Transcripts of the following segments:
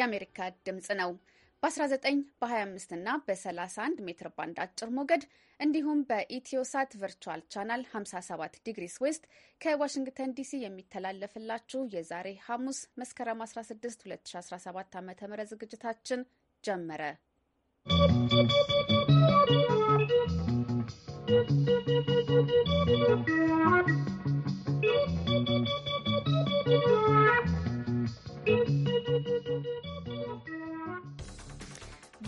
የአሜሪካ ድምፅ ነው። በ19 በ25 እና በ31 ሜትር ባንድ አጭር ሞገድ እንዲሁም በኢትዮሳት ቨርቹዋል ቻናል 57 ዲግሪስ ዌስት ከዋሽንግተን ዲሲ የሚተላለፍላችሁ የዛሬ ሐሙስ መስከረም 16 2017 ዓ ም ዝግጅታችን ጀመረ።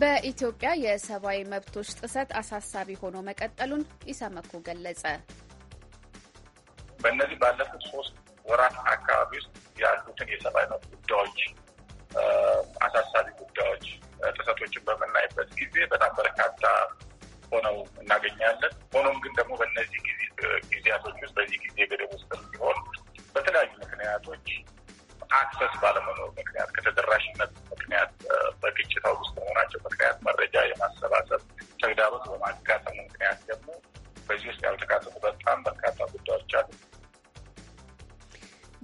በኢትዮጵያ የሰብአዊ መብቶች ጥሰት አሳሳቢ ሆኖ መቀጠሉን ኢሰመኮ ገለጸ። በእነዚህ ባለፉት ሶስት ወራት አካባቢ ውስጥ ያሉትን የሰብአዊ መብት ጉዳዮች፣ አሳሳቢ ጉዳዮች፣ ጥሰቶችን በምናይበት ጊዜ በጣም በርካታ ሆነው እናገኛለን። ሆኖም ግን ደግሞ በእነዚህ ጊዜያቶች ውስጥ በዚህ ጊዜ ገደብ ውስጥ ቢሆን በተለያዩ ምክንያቶች አክሰስ ባለመኖር ምክንያት ከተደራሽነት ምክንያት በግጭታ ውስጥ መሆናቸው ምክንያት መረጃ የማሰባሰብ ተግዳሮት በማጋጠሙ ምክንያት ደግሞ በዚህ ውስጥ ያልተካተቱ በጣም በርካታ ጉዳዮች አሉ።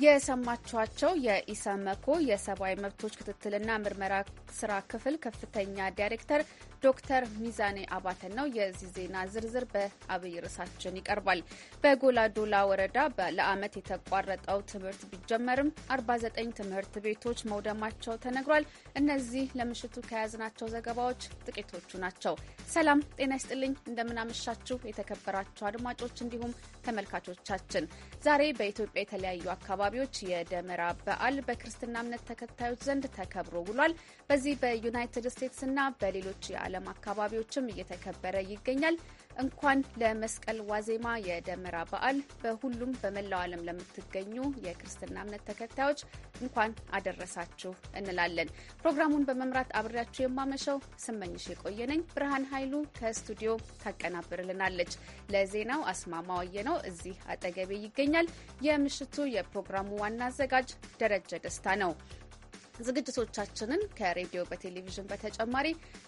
የሰማችኋቸው የኢሰመኮ የሰብአዊ መብቶች ክትትልና ምርመራ የትምህርት ስራ ክፍል ከፍተኛ ዳይሬክተር ዶክተር ሚዛኔ አባተን ነው። የዚህ ዜና ዝርዝር በአብይ ርዕሳችን ይቀርባል። በጎላዶላ ወረዳ ለአመት የተቋረጠው ትምህርት ቢጀመርም 49 ትምህርት ቤቶች መውደማቸው ተነግሯል። እነዚህ ለምሽቱ ከያዝናቸው ዘገባዎች ጥቂቶቹ ናቸው። ሰላም ጤና ይስጥልኝ። እንደምናመሻችሁ የተከበራችሁ አድማጮች እንዲሁም ተመልካቾቻችን ዛሬ በኢትዮጵያ የተለያዩ አካባቢዎች የደመራ በዓል በክርስትና እምነት ተከታዮች ዘንድ ተከብሮ ውሏል። በዚህ በዩናይትድ ስቴትስና በሌሎች የዓለም አካባቢዎችም እየተከበረ ይገኛል። እንኳን ለመስቀል ዋዜማ የደመራ በዓል በሁሉም በመላው ዓለም ለምትገኙ የክርስትና እምነት ተከታዮች እንኳን አደረሳችሁ እንላለን። ፕሮግራሙን በመምራት አብሬያችሁ የማመሸው ስመኝሽ የቆየነኝ ብርሃን ኃይሉ ከስቱዲዮ ታቀናብርልናለች። ለዜናው አስማማ ወየ ነው እዚህ አጠገቤ ይገኛል። የምሽቱ የፕሮግራሙ ዋና አዘጋጅ ደረጀ ደስታ ነው። ዝግጅቶቻችንን ከሬዲዮ በቴሌቪዥን በተጨማሪ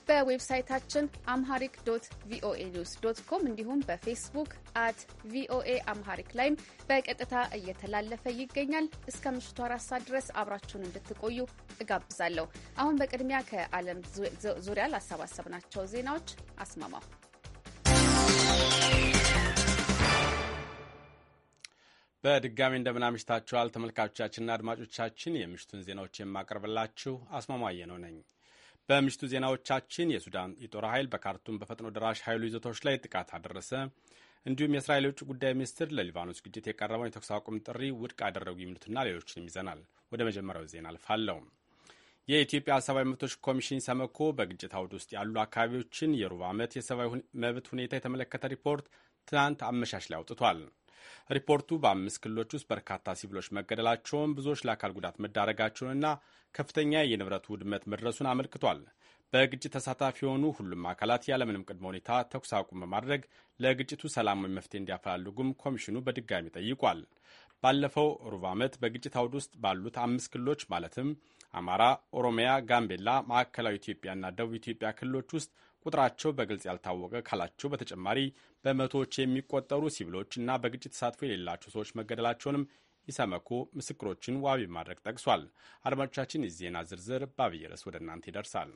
በዌብሳይታችን አምሃሪክ ዶት ቪኦኤ ኒውስ ዶት ኮም እንዲሁም በፌስቡክ አት ቪኦኤ አምሃሪክ ላይም በቀጥታ እየተላለፈ ይገኛል። እስከ ምሽቱ አራት ሰዓት ድረስ አብራችሁን እንድትቆዩ እጋብዛለሁ። አሁን በቅድሚያ ከዓለም ዙሪያ ላሰባሰብናቸው ዜናዎች አስማማው በድጋሚ እንደምናምሽታችኋል ተመልካቾቻችንና አድማጮቻችን፣ የምሽቱን ዜናዎች የማቀርብላችሁ አስማማየ ነው ነኝ። በምሽቱ ዜናዎቻችን የሱዳን የጦር ኃይል በካርቱም በፈጥኖ ደራሽ ኃይሉ ይዘቶች ላይ ጥቃት አደረሰ፣ እንዲሁም የእስራኤል የውጭ ጉዳይ ሚኒስትር ለሊባኖስ ግጭት የቀረበውን የተኩስ አቁም ጥሪ ውድቅ አደረጉ፣ የሚሉትና ሌሎችንም ይዘናል። ወደ መጀመሪያው ዜና አልፋለሁ። የኢትዮጵያ ሰብአዊ መብቶች ኮሚሽን ሰመኮ በግጭት አውድ ውስጥ ያሉ አካባቢዎችን የሩብ ዓመት የሰብአዊ መብት ሁኔታ የተመለከተ ሪፖርት ትናንት አመሻሽ ላይ አውጥቷል። ሪፖርቱ በአምስት ክልሎች ውስጥ በርካታ ሲቪሎች መገደላቸውን፣ ብዙዎች ለአካል ጉዳት መዳረጋቸውንና ከፍተኛ የንብረት ውድመት መድረሱን አመልክቷል። በግጭት ተሳታፊ የሆኑ ሁሉም አካላት ያለምንም ቅድመ ሁኔታ ተኩስ አቁም በማድረግ ለግጭቱ ሰላማዊ መፍትሄ እንዲያፈላልጉም ኮሚሽኑ በድጋሚ ጠይቋል። ባለፈው ሩብ ዓመት በግጭት አውድ ውስጥ ባሉት አምስት ክልሎች ማለትም አማራ፣ ኦሮሚያ፣ ጋምቤላ፣ ማዕከላዊ ኢትዮጵያና ደቡብ ኢትዮጵያ ክልሎች ውስጥ ቁጥራቸው በግልጽ ያልታወቀ ካላቸው በተጨማሪ በመቶዎች የሚቆጠሩ ሲቪሎች እና በግጭት ተሳትፎ የሌላቸው ሰዎች መገደላቸውንም ኢሰመኮ ምስክሮችን ዋቢ ማድረግ ጠቅሷል። አድማጮቻችን፣ የዜና ዝርዝር በአብይ ርዕስ ወደ እናንተ ይደርሳል።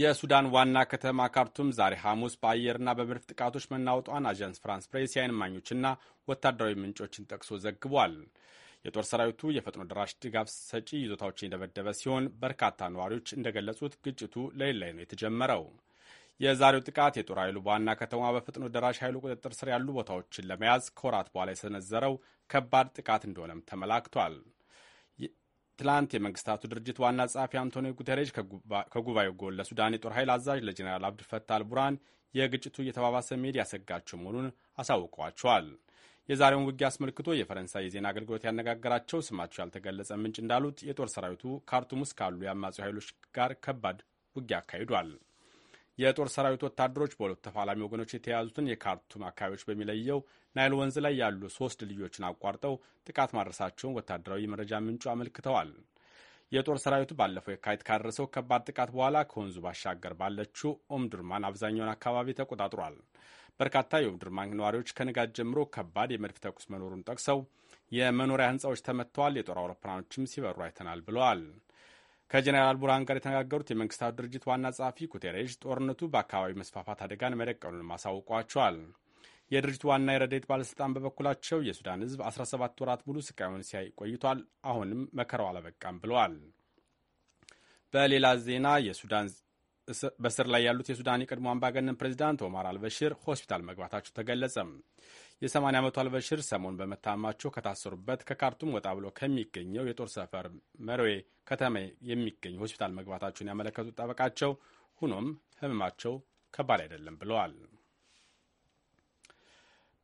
የሱዳን ዋና ከተማ ካርቱም ዛሬ ሐሙስ በአየርና በመድፍ ጥቃቶች መናወጧን አዣንስ ፍራንስ ፕሬስ የአይን እማኞችና ወታደራዊ ምንጮችን ጠቅሶ ዘግቧል። የጦር ሰራዊቱ የፈጥኖ ደራሽ ድጋፍ ሰጪ ይዞታዎችን የደበደበ ሲሆን በርካታ ነዋሪዎች እንደገለጹት ግጭቱ ሌሊት ላይ ነው የተጀመረው። የዛሬው ጥቃት የጦር ኃይሉ በዋና ከተማ በፈጥኖ ደራሽ ኃይሉ ቁጥጥር ስር ያሉ ቦታዎችን ለመያዝ ከወራት በኋላ የሰነዘረው ከባድ ጥቃት እንደሆነም ተመላክቷል። ትላንት የመንግስታቱ ድርጅት ዋና ጸሐፊ አንቶኒዮ ጉተሬጅ ከጉባኤው ጎን ለሱዳን የጦር ኃይል አዛዥ ለጀኔራል አብድፈታል ቡራን የግጭቱ እየተባባሰ መሄድ ያሰጋቸው መሆኑን አሳውቀዋቸዋል። የዛሬውን ውጊያ አስመልክቶ የፈረንሳይ የዜና አገልግሎት ያነጋገራቸው ስማቸው ያልተገለጸ ምንጭ እንዳሉት የጦር ሰራዊቱ ካርቱም ውስጥ ካሉ የአማጺው ኃይሎች ጋር ከባድ ውጊያ አካሂዷል። የጦር ሰራዊት ወታደሮች በሁለት ተፋላሚ ወገኖች የተያዙትን የካርቱም አካባቢዎች በሚለየው ናይል ወንዝ ላይ ያሉ ሶስት ድልድዮችን አቋርጠው ጥቃት ማድረሳቸውን ወታደራዊ መረጃ ምንጩ አመልክተዋል። የጦር ሰራዊቱ ባለፈው የካቲት ካደረሰው ከባድ ጥቃት በኋላ ከወንዙ ባሻገር ባለችው ኦምዱርማን አብዛኛውን አካባቢ ተቆጣጥሯል። በርካታ የውድር ነዋሪዎች ከንጋት ጀምሮ ከባድ የመድፍ ተኩስ መኖሩን ጠቅሰው የመኖሪያ ህንፃዎች ተመትተዋል፣ የጦር አውሮፕላኖችም ሲበሩ አይተናል ብለዋል። ከጀኔራል ቡርሃን ጋር የተነጋገሩት የመንግስታቱ ድርጅት ዋና ጸሐፊ ኩቴሬጅ ጦርነቱ በአካባቢ መስፋፋት አደጋን መደቀኑን አሳውቋቸዋል። የድርጅቱ ዋና የረዴት ባለሥልጣን በበኩላቸው የሱዳን ህዝብ 17 ወራት ሙሉ ስቃዩን ሲያይ ቆይቷል፣ አሁንም መከራው አላበቃም ብለዋል። በሌላ ዜና የሱዳን በስር ላይ ያሉት የሱዳን የቀድሞ አምባገነን ፕሬዚዳንት ኦማር አልበሽር ሆስፒታል መግባታቸው ተገለጸ። የ80 ዓመቱ አልበሽር ሰሞን በመታመማቸው ከታሰሩበት ከካርቱም ወጣ ብሎ ከሚገኘው የጦር ሰፈር መርዌ ከተማ የሚገኝ ሆስፒታል መግባታቸውን ያመለከቱት ጠበቃቸው፣ ሆኖም ህመማቸው ከባድ አይደለም ብለዋል።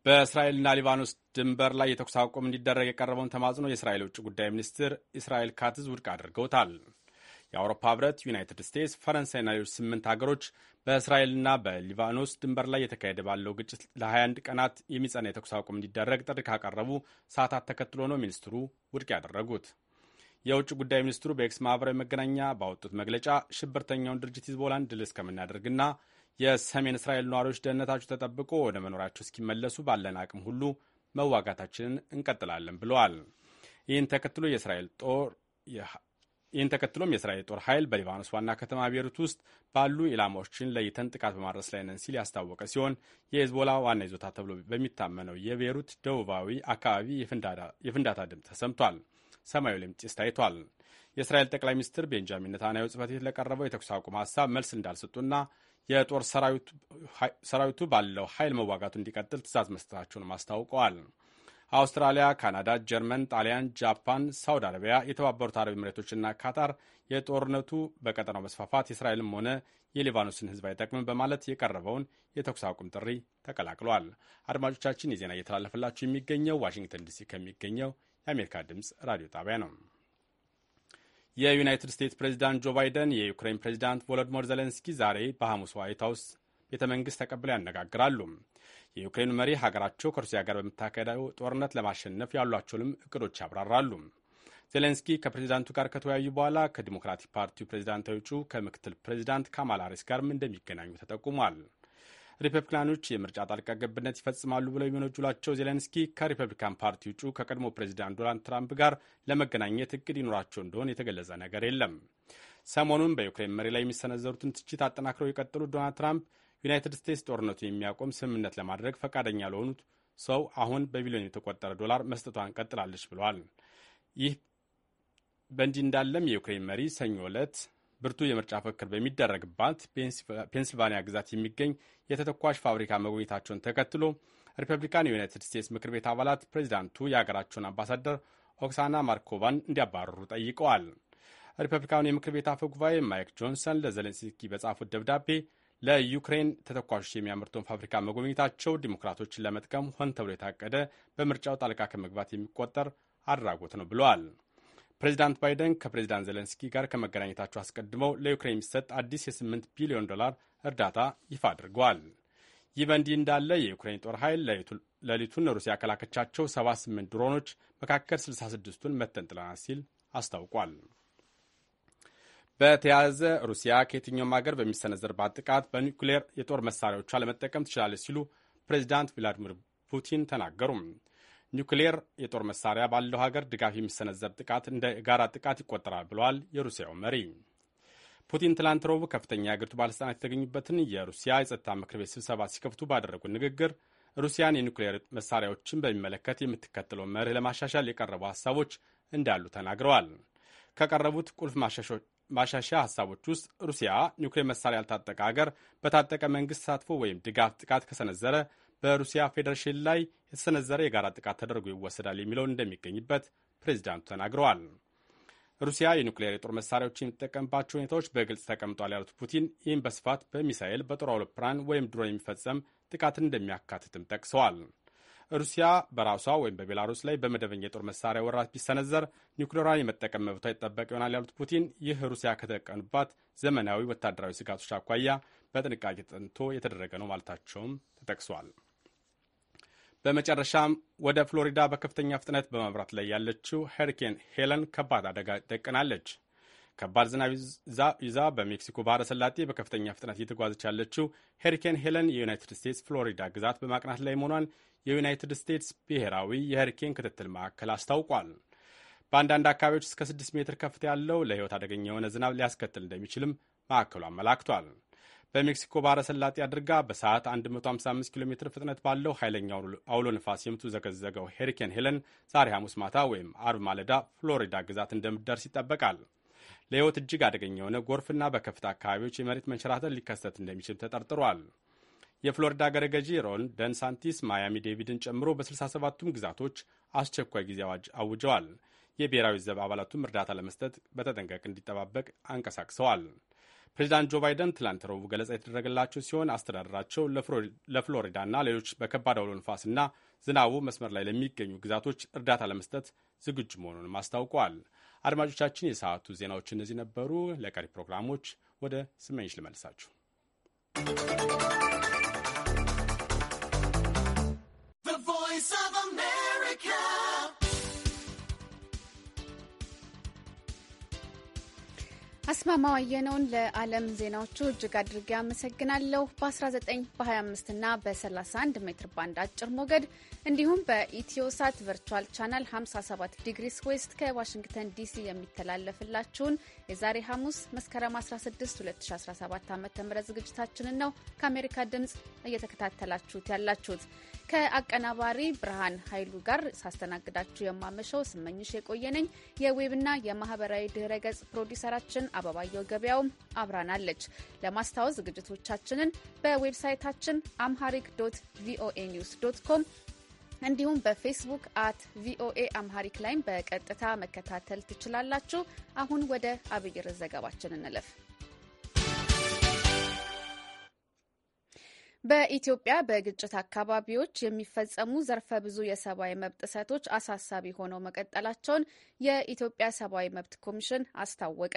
በእስራኤልና ሊባኖስ ድንበር ላይ የተኩስ አቁም እንዲደረግ የቀረበውን ተማጽኖ የእስራኤል ውጭ ጉዳይ ሚኒስትር ኢስራኤል ካትዝ ውድቅ አድርገውታል። የአውሮፓ ህብረት፣ ዩናይትድ ስቴትስ፣ ፈረንሳይና ሌሎች ስምንት ሀገሮች በእስራኤልና በሊባኖስ ድንበር ላይ የተካሄደ ባለው ግጭት ለ21 ቀናት የሚጸና የተኩስ አቁም እንዲደረግ ጥሪ ካቀረቡ ሰዓታት ተከትሎ ነው ሚኒስትሩ ውድቅ ያደረጉት። የውጭ ጉዳይ ሚኒስትሩ በኤክስ ማህበራዊ መገናኛ ባወጡት መግለጫ ሽብርተኛውን ድርጅት ሂዝቦላን ድል እስከምናደርግና የሰሜን እስራኤል ነዋሪዎች ደህንነታቸው ተጠብቆ ወደ መኖራቸው እስኪመለሱ ባለን አቅም ሁሉ መዋጋታችንን እንቀጥላለን ብለዋል። ይህን ተከትሎ የእስራኤል ጦር ይህን ተከትሎም የእስራኤል ጦር ኃይል በሊባኖስ ዋና ከተማ ቤሩት ውስጥ ባሉ ኢላማዎችን ለይተን ጥቃት በማድረስ ላይ ነን ሲል ያስታወቀ ሲሆን የሄዝቦላ ዋና ይዞታ ተብሎ በሚታመነው የቤሩት ደቡባዊ አካባቢ የፍንዳታ ድምፅ ተሰምቷል። ሰማዩ ላይም ጭስ ታይቷል። የእስራኤል ጠቅላይ ሚኒስትር ቤንጃሚን ኔታንያሁ ጽሕፈት ቤት ለቀረበው የተኩስ አቁም ሀሳብ መልስ እንዳልሰጡና የጦር ሰራዊቱ ባለው ኃይል መዋጋቱ እንዲቀጥል ትእዛዝ መስጠታቸውን አስታውቀዋል። አውስትራሊያ፣ ካናዳ፣ ጀርመን፣ ጣሊያን፣ ጃፓን፣ ሳውዲ አረቢያ፣ የተባበሩት አረብ ኤምሬቶችና ካታር የጦርነቱ በቀጠናው መስፋፋት የእስራኤልም ሆነ የሊባኖስን ሕዝብ አይጠቅምም በማለት የቀረበውን የተኩስ አቁም ጥሪ ተቀላቅሏል። አድማጮቻችን የዜና እየተላለፈላችሁ የሚገኘው ዋሽንግተን ዲሲ ከሚገኘው የአሜሪካ ድምጽ ራዲዮ ጣቢያ ነው። የዩናይትድ ስቴትስ ፕሬዚዳንት ጆ ባይደን የዩክሬን ፕሬዚዳንት ቮሎዲሞር ዜሌንስኪ ዛሬ በሐሙስ ዋይት ሀውስ ቤተ መንግስት ተቀብለው ያነጋግራሉ። የዩክሬኑ መሪ ሀገራቸው ከሩሲያ ጋር በምታካሄደው ጦርነት ለማሸነፍ ያሏቸውንም እቅዶች ያብራራሉ። ዜሌንስኪ ከፕሬዚዳንቱ ጋር ከተወያዩ በኋላ ከዲሞክራቲክ ፓርቲው ፕሬዚዳንታዊ እጩ ከምክትል ፕሬዚዳንት ካማላ ሃሪስ ጋርም እንደሚገናኙ ተጠቁሟል። ሪፐብሊካኖች የምርጫ ጣልቃ ገብነት ይፈጽማሉ ብለው የሚወነጅሏቸው ዜሌንስኪ ከሪፐብሊካን ፓርቲ ውጩ ከቀድሞ ፕሬዚዳንት ዶናልድ ትራምፕ ጋር ለመገናኘት እቅድ ይኖራቸው እንደሆነ የተገለጸ ነገር የለም። ሰሞኑን በዩክሬን መሪ ላይ የሚሰነዘሩትን ትችት አጠናክረው የቀጠሉት ዶናልድ ትራምፕ ዩናይትድ ስቴትስ ጦርነቱን የሚያቆም ስምምነት ለማድረግ ፈቃደኛ ለሆኑት ሰው አሁን በቢሊዮን የተቆጠረ ዶላር መስጠቷን ቀጥላለች ብለዋል። ይህ በእንዲህ እንዳለም የዩክሬን መሪ ሰኞ ዕለት ብርቱ የምርጫ ፍክክር በሚደረግባት ፔንስልቫኒያ ግዛት የሚገኝ የተተኳሽ ፋብሪካ መጎብኘታቸውን ተከትሎ ሪፐብሊካን የዩናይትድ ስቴትስ ምክር ቤት አባላት ፕሬዚዳንቱ የሀገራቸውን አምባሳደር ኦክሳና ማርኮቫን እንዲያባረሩ ጠይቀዋል። ሪፐብሊካኑ የምክር ቤት አፈ ጉባኤ ማይክ ጆንሰን ለዘለንስኪ በጻፉት ደብዳቤ ለዩክሬን ተተኳሾች የሚያመርተውን ፋብሪካ መጎብኘታቸው ዲሞክራቶችን ለመጥቀም ሆን ተብሎ የታቀደ በምርጫው ጣልቃ ከመግባት የሚቆጠር አድራጎት ነው ብለዋል። ፕሬዚዳንት ባይደን ከፕሬዚዳንት ዜሌንስኪ ጋር ከመገናኘታቸው አስቀድመው ለዩክሬን የሚሰጥ አዲስ የ8 ቢሊዮን ዶላር እርዳታ ይፋ አድርገዋል። ይህ በእንዲህ እንዳለ የዩክሬን ጦር ኃይል ሌሊቱን ሩሲያ ያከላከቻቸው 78 ድሮኖች መካከል 66ቱን መተን ሲል አስታውቋል። በተያያዘ ሩሲያ ከየትኛውም ሀገር በሚሰነዘርባት ጥቃት በኒውክሌር የጦር መሳሪያዎቿ ለመጠቀም ትችላለች ሲሉ ፕሬዚዳንት ቭላዲሚር ፑቲን ተናገሩ። ኒውክሌር የጦር መሳሪያ ባለው ሀገር ድጋፍ የሚሰነዘር ጥቃት እንደ ጋራ ጥቃት ይቆጠራል ብለዋል የሩሲያው መሪ። ፑቲን ትላንት ረቡዕ ከፍተኛ የአገሪቱ ባለሥልጣናት የተገኙበትን የሩሲያ የጸጥታ ምክር ቤት ስብሰባ ሲከፍቱ ባደረጉት ንግግር ሩሲያን የኒውክሌር መሳሪያዎችን በሚመለከት የምትከተለውን መርህ ለማሻሻል የቀረቡ ሀሳቦች እንዳሉ ተናግረዋል። ከቀረቡት ቁልፍ ማሻሻያ ሀሳቦች ውስጥ ሩሲያ ኒውክሌር መሳሪያ ያልታጠቀ ሀገር በታጠቀ መንግስት ተሳትፎ ወይም ድጋፍ ጥቃት ከሰነዘረ በሩሲያ ፌዴሬሽን ላይ የተሰነዘረ የጋራ ጥቃት ተደርጎ ይወሰዳል የሚለውን እንደሚገኝበት ፕሬዚዳንቱ ተናግረዋል። ሩሲያ የኒውክሌር የጦር መሳሪያዎች የሚጠቀምባቸው ሁኔታዎች በግልጽ ተቀምጧል ያሉት ፑቲን ይህም በስፋት በሚሳኤል በጦር አውሮፕላን ወይም ድሮን የሚፈጸም ጥቃትን እንደሚያካትትም ጠቅሰዋል። ሩሲያ በራሷ ወይም በቤላሩስ ላይ በመደበኛ የጦር መሳሪያ ወራት ቢሰነዘር ኒውክሌሯን የመጠቀም መብቷ ይጠበቅ ይሆናል ያሉት ፑቲን ይህ ሩሲያ ከተጠቀኑባት ዘመናዊ ወታደራዊ ስጋቶች አኳያ በጥንቃቄ ተጠንቶ የተደረገ ነው ማለታቸውም ተጠቅሷል። በመጨረሻም ወደ ፍሎሪዳ በከፍተኛ ፍጥነት በማምራት ላይ ያለችው ሄሪኬን ሄለን ከባድ አደጋ ደቅናለች። ከባድ ዝናብ ይዛ በሜክሲኮ ባህረ ሰላጤ በከፍተኛ ፍጥነት እየተጓዘች ያለችው ሄሪኬን ሄለን የዩናይትድ ስቴትስ ፍሎሪዳ ግዛት በማቅናት ላይ መሆኗን የዩናይትድ ስቴትስ ብሔራዊ የህሪኬን ክትትል ማዕከል አስታውቋል። በአንዳንድ አካባቢዎች እስከ 6 ሜትር ከፍታ ያለው ለህይወት አደገኛ የሆነ ዝናብ ሊያስከትል እንደሚችልም ማዕከሉ አመላክቷል። በሜክሲኮ ባህረ ሰላጤ አድርጋ በሰዓት 155 ኪሎ ሜትር ፍጥነት ባለው ኃይለኛ አውሎ ንፋስ የምትዘገዘገው ሄሪኬን ሄለን ዛሬ ሐሙስ ማታ ወይም አርብ ማለዳ ፍሎሪዳ ግዛት እንደምትደርስ ይጠበቃል። ለህይወት እጅግ አደገኛ የሆነ ጎርፍና በከፍታ አካባቢዎች የመሬት መንሸራተት ሊከሰት እንደሚችል ተጠርጥሯል። የፍሎሪዳ አገረገዢ ሮን ደንሳንቲስ ማያሚ ዴቪድን ጨምሮ በ67ቱም ግዛቶች አስቸኳይ ጊዜ አዋጅ አውጀዋል። የብሔራዊ ዘብ አባላቱም እርዳታ ለመስጠት በተጠንቀቅ እንዲጠባበቅ አንቀሳቅሰዋል። ፕሬዚዳንት ጆ ባይደን ትላንት ረቡዕ ገለጻ የተደረገላቸው ሲሆን አስተዳደራቸው ለፍሎሪዳና ሌሎች በከባድ አውሎ ንፋስና ዝናቡ መስመር ላይ ለሚገኙ ግዛቶች እርዳታ ለመስጠት ዝግጁ መሆኑንም አስታውቀዋል። አድማጮቻችን፣ የሰዓቱ ዜናዎች እነዚህ ነበሩ። ለቀሪ ፕሮግራሞች ወደ ስመኝሽ ልመልሳችሁ። አስማማ ዋየነውን ለዓለም ዜናዎቹ እጅግ አድርጌ አመሰግናለሁ። በ19 በ25 እና በ31 ሜትር ባንድ አጭር ሞገድ እንዲሁም በኢትዮሳት ቨርቹዋል ቻናል 57 ዲግሪስ ዌስት ከዋሽንግተን ዲሲ የሚተላለፍላችሁን የዛሬ ሐሙስ መስከረም 16 2017 ዓ ም ዝግጅታችንን ነው ከአሜሪካ ድምፅ እየተከታተላችሁት ያላችሁት። ከአቀናባሪ ብርሃን ኃይሉ ጋር ሳስተናግዳችሁ የማመሸው ስመኝሽ የቆየነኝ የዌብና የማህበራዊ ድህረ ገጽ ፕሮዲሰራችን አበባየው ገበያውም አብራናለች። ለማስታወስ ዝግጅቶቻችንን በዌብሳይታችን አምሃሪክ ዶት ቪኦኤ ኒውስ ዶት ኮም እንዲሁም በፌስቡክ አት ቪኦኤ አምሃሪክ ላይም በቀጥታ መከታተል ትችላላችሁ። አሁን ወደ አብይር ዘገባችን እንለፍ። በኢትዮጵያ በግጭት አካባቢዎች የሚፈጸሙ ዘርፈ ብዙ የሰብአዊ መብት ጥሰቶች አሳሳቢ ሆነው መቀጠላቸውን የኢትዮጵያ ሰብአዊ መብት ኮሚሽን አስታወቀ።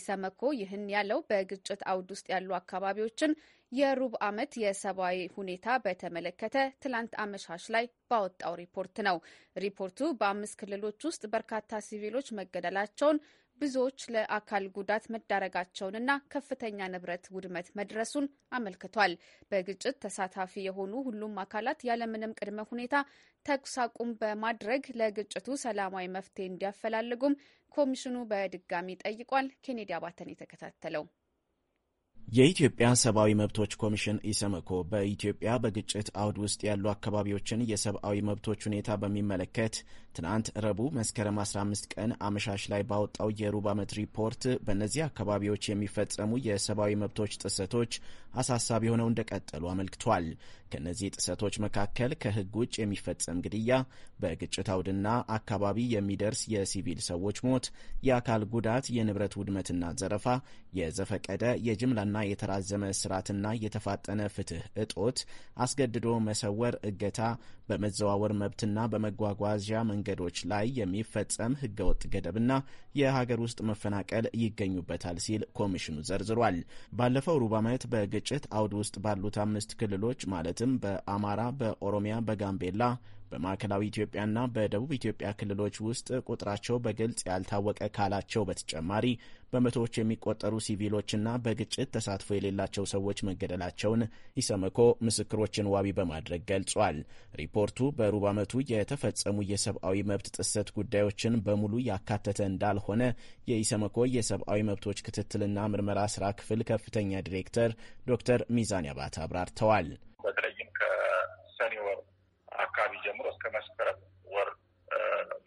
ኢሰመኮ ይህን ያለው በግጭት አውድ ውስጥ ያሉ አካባቢዎችን የሩብ ዓመት የሰብአዊ ሁኔታ በተመለከተ ትላንት አመሻሽ ላይ ባወጣው ሪፖርት ነው። ሪፖርቱ በአምስት ክልሎች ውስጥ በርካታ ሲቪሎች መገደላቸውን ብዙዎች ለአካል ጉዳት መዳረጋቸውንና ከፍተኛ ንብረት ውድመት መድረሱን አመልክቷል። በግጭት ተሳታፊ የሆኑ ሁሉም አካላት ያለምንም ቅድመ ሁኔታ ተኩስ አቁም በማድረግ ለግጭቱ ሰላማዊ መፍትሄ እንዲያፈላልጉም ኮሚሽኑ በድጋሚ ጠይቋል። ኬኔዲ አባተን የተከታተለው የኢትዮጵያ ሰብአዊ መብቶች ኮሚሽን ኢሰመኮ በኢትዮጵያ በግጭት አውድ ውስጥ ያሉ አካባቢዎችን የሰብአዊ መብቶች ሁኔታ በሚመለከት ትናንት ረቡዕ መስከረም 15 ቀን አመሻሽ ላይ ባወጣው የሩብ ዓመት ሪፖርት በእነዚህ አካባቢዎች የሚፈጸሙ የሰብአዊ መብቶች ጥሰቶች አሳሳቢ ሆነው እንደቀጠሉ አመልክቷል። ከእነዚህ ጥሰቶች መካከል ከህግ ውጭ የሚፈጸም ግድያ፣ በግጭት አውድና አካባቢ የሚደርስ የሲቪል ሰዎች ሞት፣ የአካል ጉዳት፣ የንብረት ውድመትና ዘረፋ፣ የዘፈቀደ የጅምላና የተራዘመ እስራትና የተፋጠነ ፍትህ እጦት፣ አስገድዶ መሰወር፣ እገታ፣ በመዘዋወር መብትና በመጓጓዣ መንገዶች ላይ የሚፈጸም ህገወጥ ገደብና የሀገር ውስጥ መፈናቀል ይገኙበታል ሲል ኮሚሽኑ ዘርዝሯል። ባለፈው ሩብ ዓመት በግጭት አውድ ውስጥ ባሉት አምስት ክልሎች ማለት ማለትም በአማራ፣ በኦሮሚያ፣ በጋምቤላ በማዕከላዊ ኢትዮጵያና በደቡብ ኢትዮጵያ ክልሎች ውስጥ ቁጥራቸው በግልጽ ያልታወቀ ካላቸው በተጨማሪ በመቶዎች የሚቆጠሩ ሲቪሎችና በግጭት ተሳትፎ የሌላቸው ሰዎች መገደላቸውን ኢሰመኮ ምስክሮችን ዋቢ በማድረግ ገልጿል። ሪፖርቱ በሩብ ዓመቱ የተፈጸሙ የሰብአዊ መብት ጥሰት ጉዳዮችን በሙሉ ያካተተ እንዳልሆነ የኢሰመኮ የሰብአዊ መብቶች ክትትልና ምርመራ ስራ ክፍል ከፍተኛ ዲሬክተር ዶክተር ሚዛን ያባት አብራርተዋል። በተለይም ከሰኔ ወር አካባቢ ጀምሮ እስከ መስከረም ወር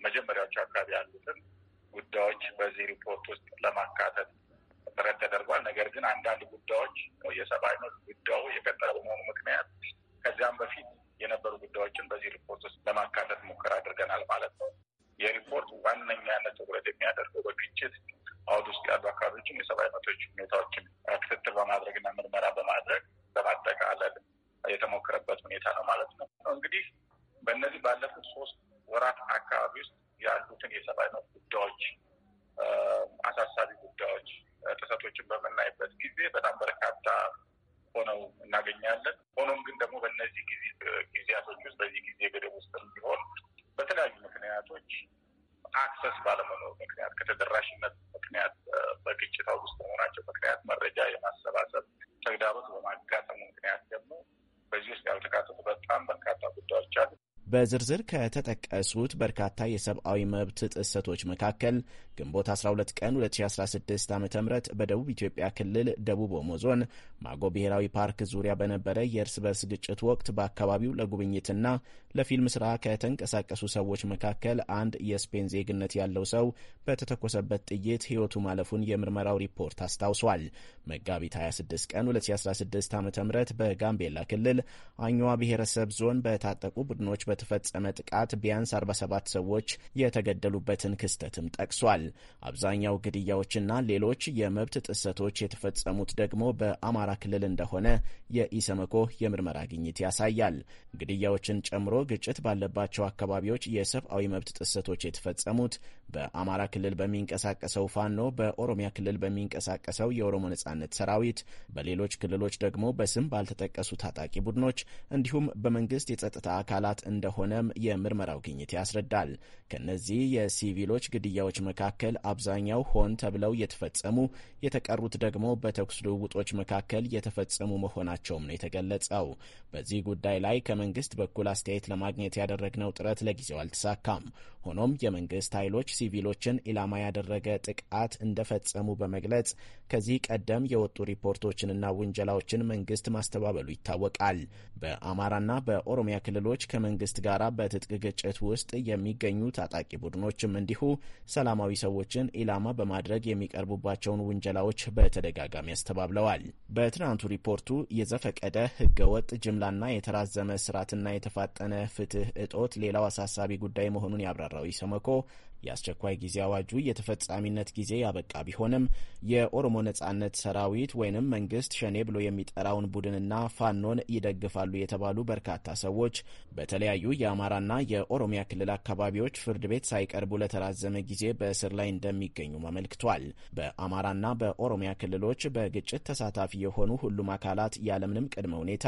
መጀመሪያዎቹ አካባቢ ያሉትን ጉዳዮች በዚህ ሪፖርት ውስጥ ለማካተት ጥረት ተደርጓል። ነገር ግን አንዳንድ ጉዳዮች የሰብአዊ መብት ጉዳዩ የቀጠለ በመሆኑ ምክንያት ከዚያም በፊት የነበሩ ጉዳዮችን በዚህ ሪፖርት ውስጥ ለማካተት ሙከራ አድርገናል ማለት ነው። የሪፖርት ዋነኛነት ትኩረት የሚያደርገው በግጭት አውድ ውስጥ ያሉ አካባቢዎችን የሰብአዊ መብቶች ሁኔታዎችን ክትትል በማድረግ እና ምርመራ በማድረግ በማጠቃለል የተሞከረበት ሁኔታ ነው ማለት ነው። እንግዲህ በእነዚህ ባለፉት ሶስት ወራት አካባቢ ውስጥ ያሉትን የሰብአዊ መብት ጉዳዮች፣ አሳሳቢ ጉዳዮች፣ ጥሰቶችን በምናይበት ጊዜ በጣም በርካታ ሆነው እናገኛለን። ሆኖም ግን ደግሞ በእነዚህ ጊዜያቶች ውስጥ በዚህ ጊዜ ገደብ ውስጥ ቢሆን በተለያዩ ምክንያቶች አክሰስ ባለመኖር ምክንያት ከተደራሽነት ምክንያት በግጭታ ውስጥ መሆናቸው ምክንያት መረጃ የማሰባሰብ በዝርዝር ከተጠቀሱት በርካታ የሰብአዊ መብት ጥሰቶች መካከል ግንቦት 12 ቀን 2016 ዓ ም በደቡብ ኢትዮጵያ ክልል ደቡብ ኦሞ ዞን ማጎ ብሔራዊ ፓርክ ዙሪያ በነበረ የእርስ በርስ ግጭት ወቅት በአካባቢው ለጉብኝትና ለፊልም ስራ ከተንቀሳቀሱ ሰዎች መካከል አንድ የስፔን ዜግነት ያለው ሰው በተተኮሰበት ጥይት ህይወቱ ማለፉን የምርመራው ሪፖርት አስታውሷል። መጋቢት 26 ቀን 2016 ዓ ም በጋምቤላ ክልል አኛዋ ብሔረሰብ ዞን በታጠቁ ቡድኖች በተፈጸመ ጥቃት ቢያንስ 47 ሰዎች የተገደሉበትን ክስተትም ጠቅሷል። ገልጿል። አብዛኛው ግድያዎችና ሌሎች የመብት ጥሰቶች የተፈጸሙት ደግሞ በአማራ ክልል እንደሆነ የኢሰመኮ የምርመራ ግኝት ያሳያል። ግድያዎችን ጨምሮ ግጭት ባለባቸው አካባቢዎች የሰብአዊ መብት ጥሰቶች የተፈጸሙት በአማራ ክልል በሚንቀሳቀሰው ፋኖ፣ በኦሮሚያ ክልል በሚንቀሳቀሰው የኦሮሞ ነጻነት ሰራዊት፣ በሌሎች ክልሎች ደግሞ በስም ባልተጠቀሱ ታጣቂ ቡድኖች እንዲሁም በመንግስት የጸጥታ አካላት እንደሆነም የምርመራው ግኝት ያስረዳል። ከነዚህ የሲቪሎች ግድያዎች መካከል መካከል አብዛኛው ሆን ተብለው የተፈጸሙ፣ የተቀሩት ደግሞ በተኩስ ልውውጦች መካከል የተፈጸሙ መሆናቸውም ነው የተገለጸው። በዚህ ጉዳይ ላይ ከመንግስት በኩል አስተያየት ለማግኘት ያደረግነው ጥረት ለጊዜው አልተሳካም። ሆኖም የመንግስት ኃይሎች ሲቪሎችን ኢላማ ያደረገ ጥቃት እንደፈጸሙ በመግለጽ ከዚህ ቀደም የወጡ ሪፖርቶችንና ውንጀላዎችን መንግስት ማስተባበሉ ይታወቃል። በአማራና በኦሮሚያ ክልሎች ከመንግስት ጋር በትጥቅ ግጭት ውስጥ የሚገኙ ታጣቂ ቡድኖችም እንዲሁ ሰላማዊ ሰዎችን ኢላማ በማድረግ የሚቀርቡባቸውን ውንጀላዎች በተደጋጋሚ አስተባብለዋል። በትናንቱ ሪፖርቱ የዘፈቀደ ህገወጥ ጅምላና የተራዘመ ስርዓትና የተፋጠነ ፍትህ እጦት ሌላው አሳሳቢ ጉዳይ መሆኑን ያብራራው ኢሰመኮ የአስቸኳይ ጊዜ አዋጁ የተፈጻሚነት ጊዜ ያበቃ ቢሆንም የኦሮሞ ነጻነት ሰራዊት ወይንም መንግስት ሸኔ ብሎ የሚጠራውን ቡድንና ፋኖን ይደግፋሉ የተባሉ በርካታ ሰዎች በተለያዩ የአማራና የኦሮሚያ ክልል አካባቢዎች ፍርድ ቤት ሳይቀርቡ ለተራዘመ ጊዜ በእስር ላይ እንደሚገኙም አመልክቷል። በአማራና በኦሮሚያ ክልሎች በግጭት ተሳታፊ የሆኑ ሁሉም አካላት ያለምንም ቅድመ ሁኔታ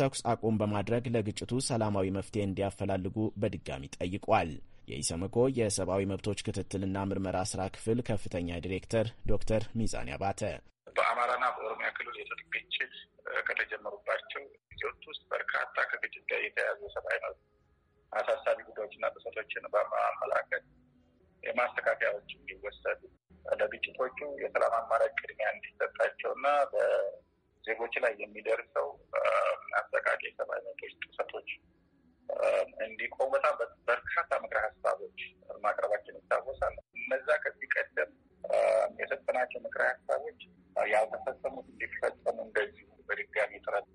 ተኩስ አቁም በማድረግ ለግጭቱ ሰላማዊ መፍትሄ እንዲያፈላልጉ በድጋሚ ጠይቋል። የኢሰመኮ የሰብአዊ መብቶች ክትትልና ምርመራ ስራ ክፍል ከፍተኛ ዲሬክተር ዶክተር ሚዛኔ አባተ በአማራና በኦሮሚያ ክልል የትጥቅ ግጭት ከተጀመሩባቸው ጊዜዎች ውስጥ በርካታ ከግጭት ጋር የተያዙ የሰብአዊ መብት አሳሳቢ ጉዳዮችና ጥሰቶችን በማመላከት የማስተካከያዎች እንዲወሰዱ ለግጭቶቹ የሰላም አማራጭ ቅድሚያ እንዲሰጣቸውና በዜጎች ላይ የሚደርሰው አሰቃቂ ሰብአዊ መብቶች ጥሰቶች እንዲቆሙ በጣም በርካታ ምክረ ሀሳቦች ማቅረባችን ይታወሳል። እነዛ ከዚህ ቀደም የሰጠናቸው ምክረ ሀሳቦች ያልተፈጸሙት እንዲፈጸሙ እንደዚሁ በድጋሚ ጥረት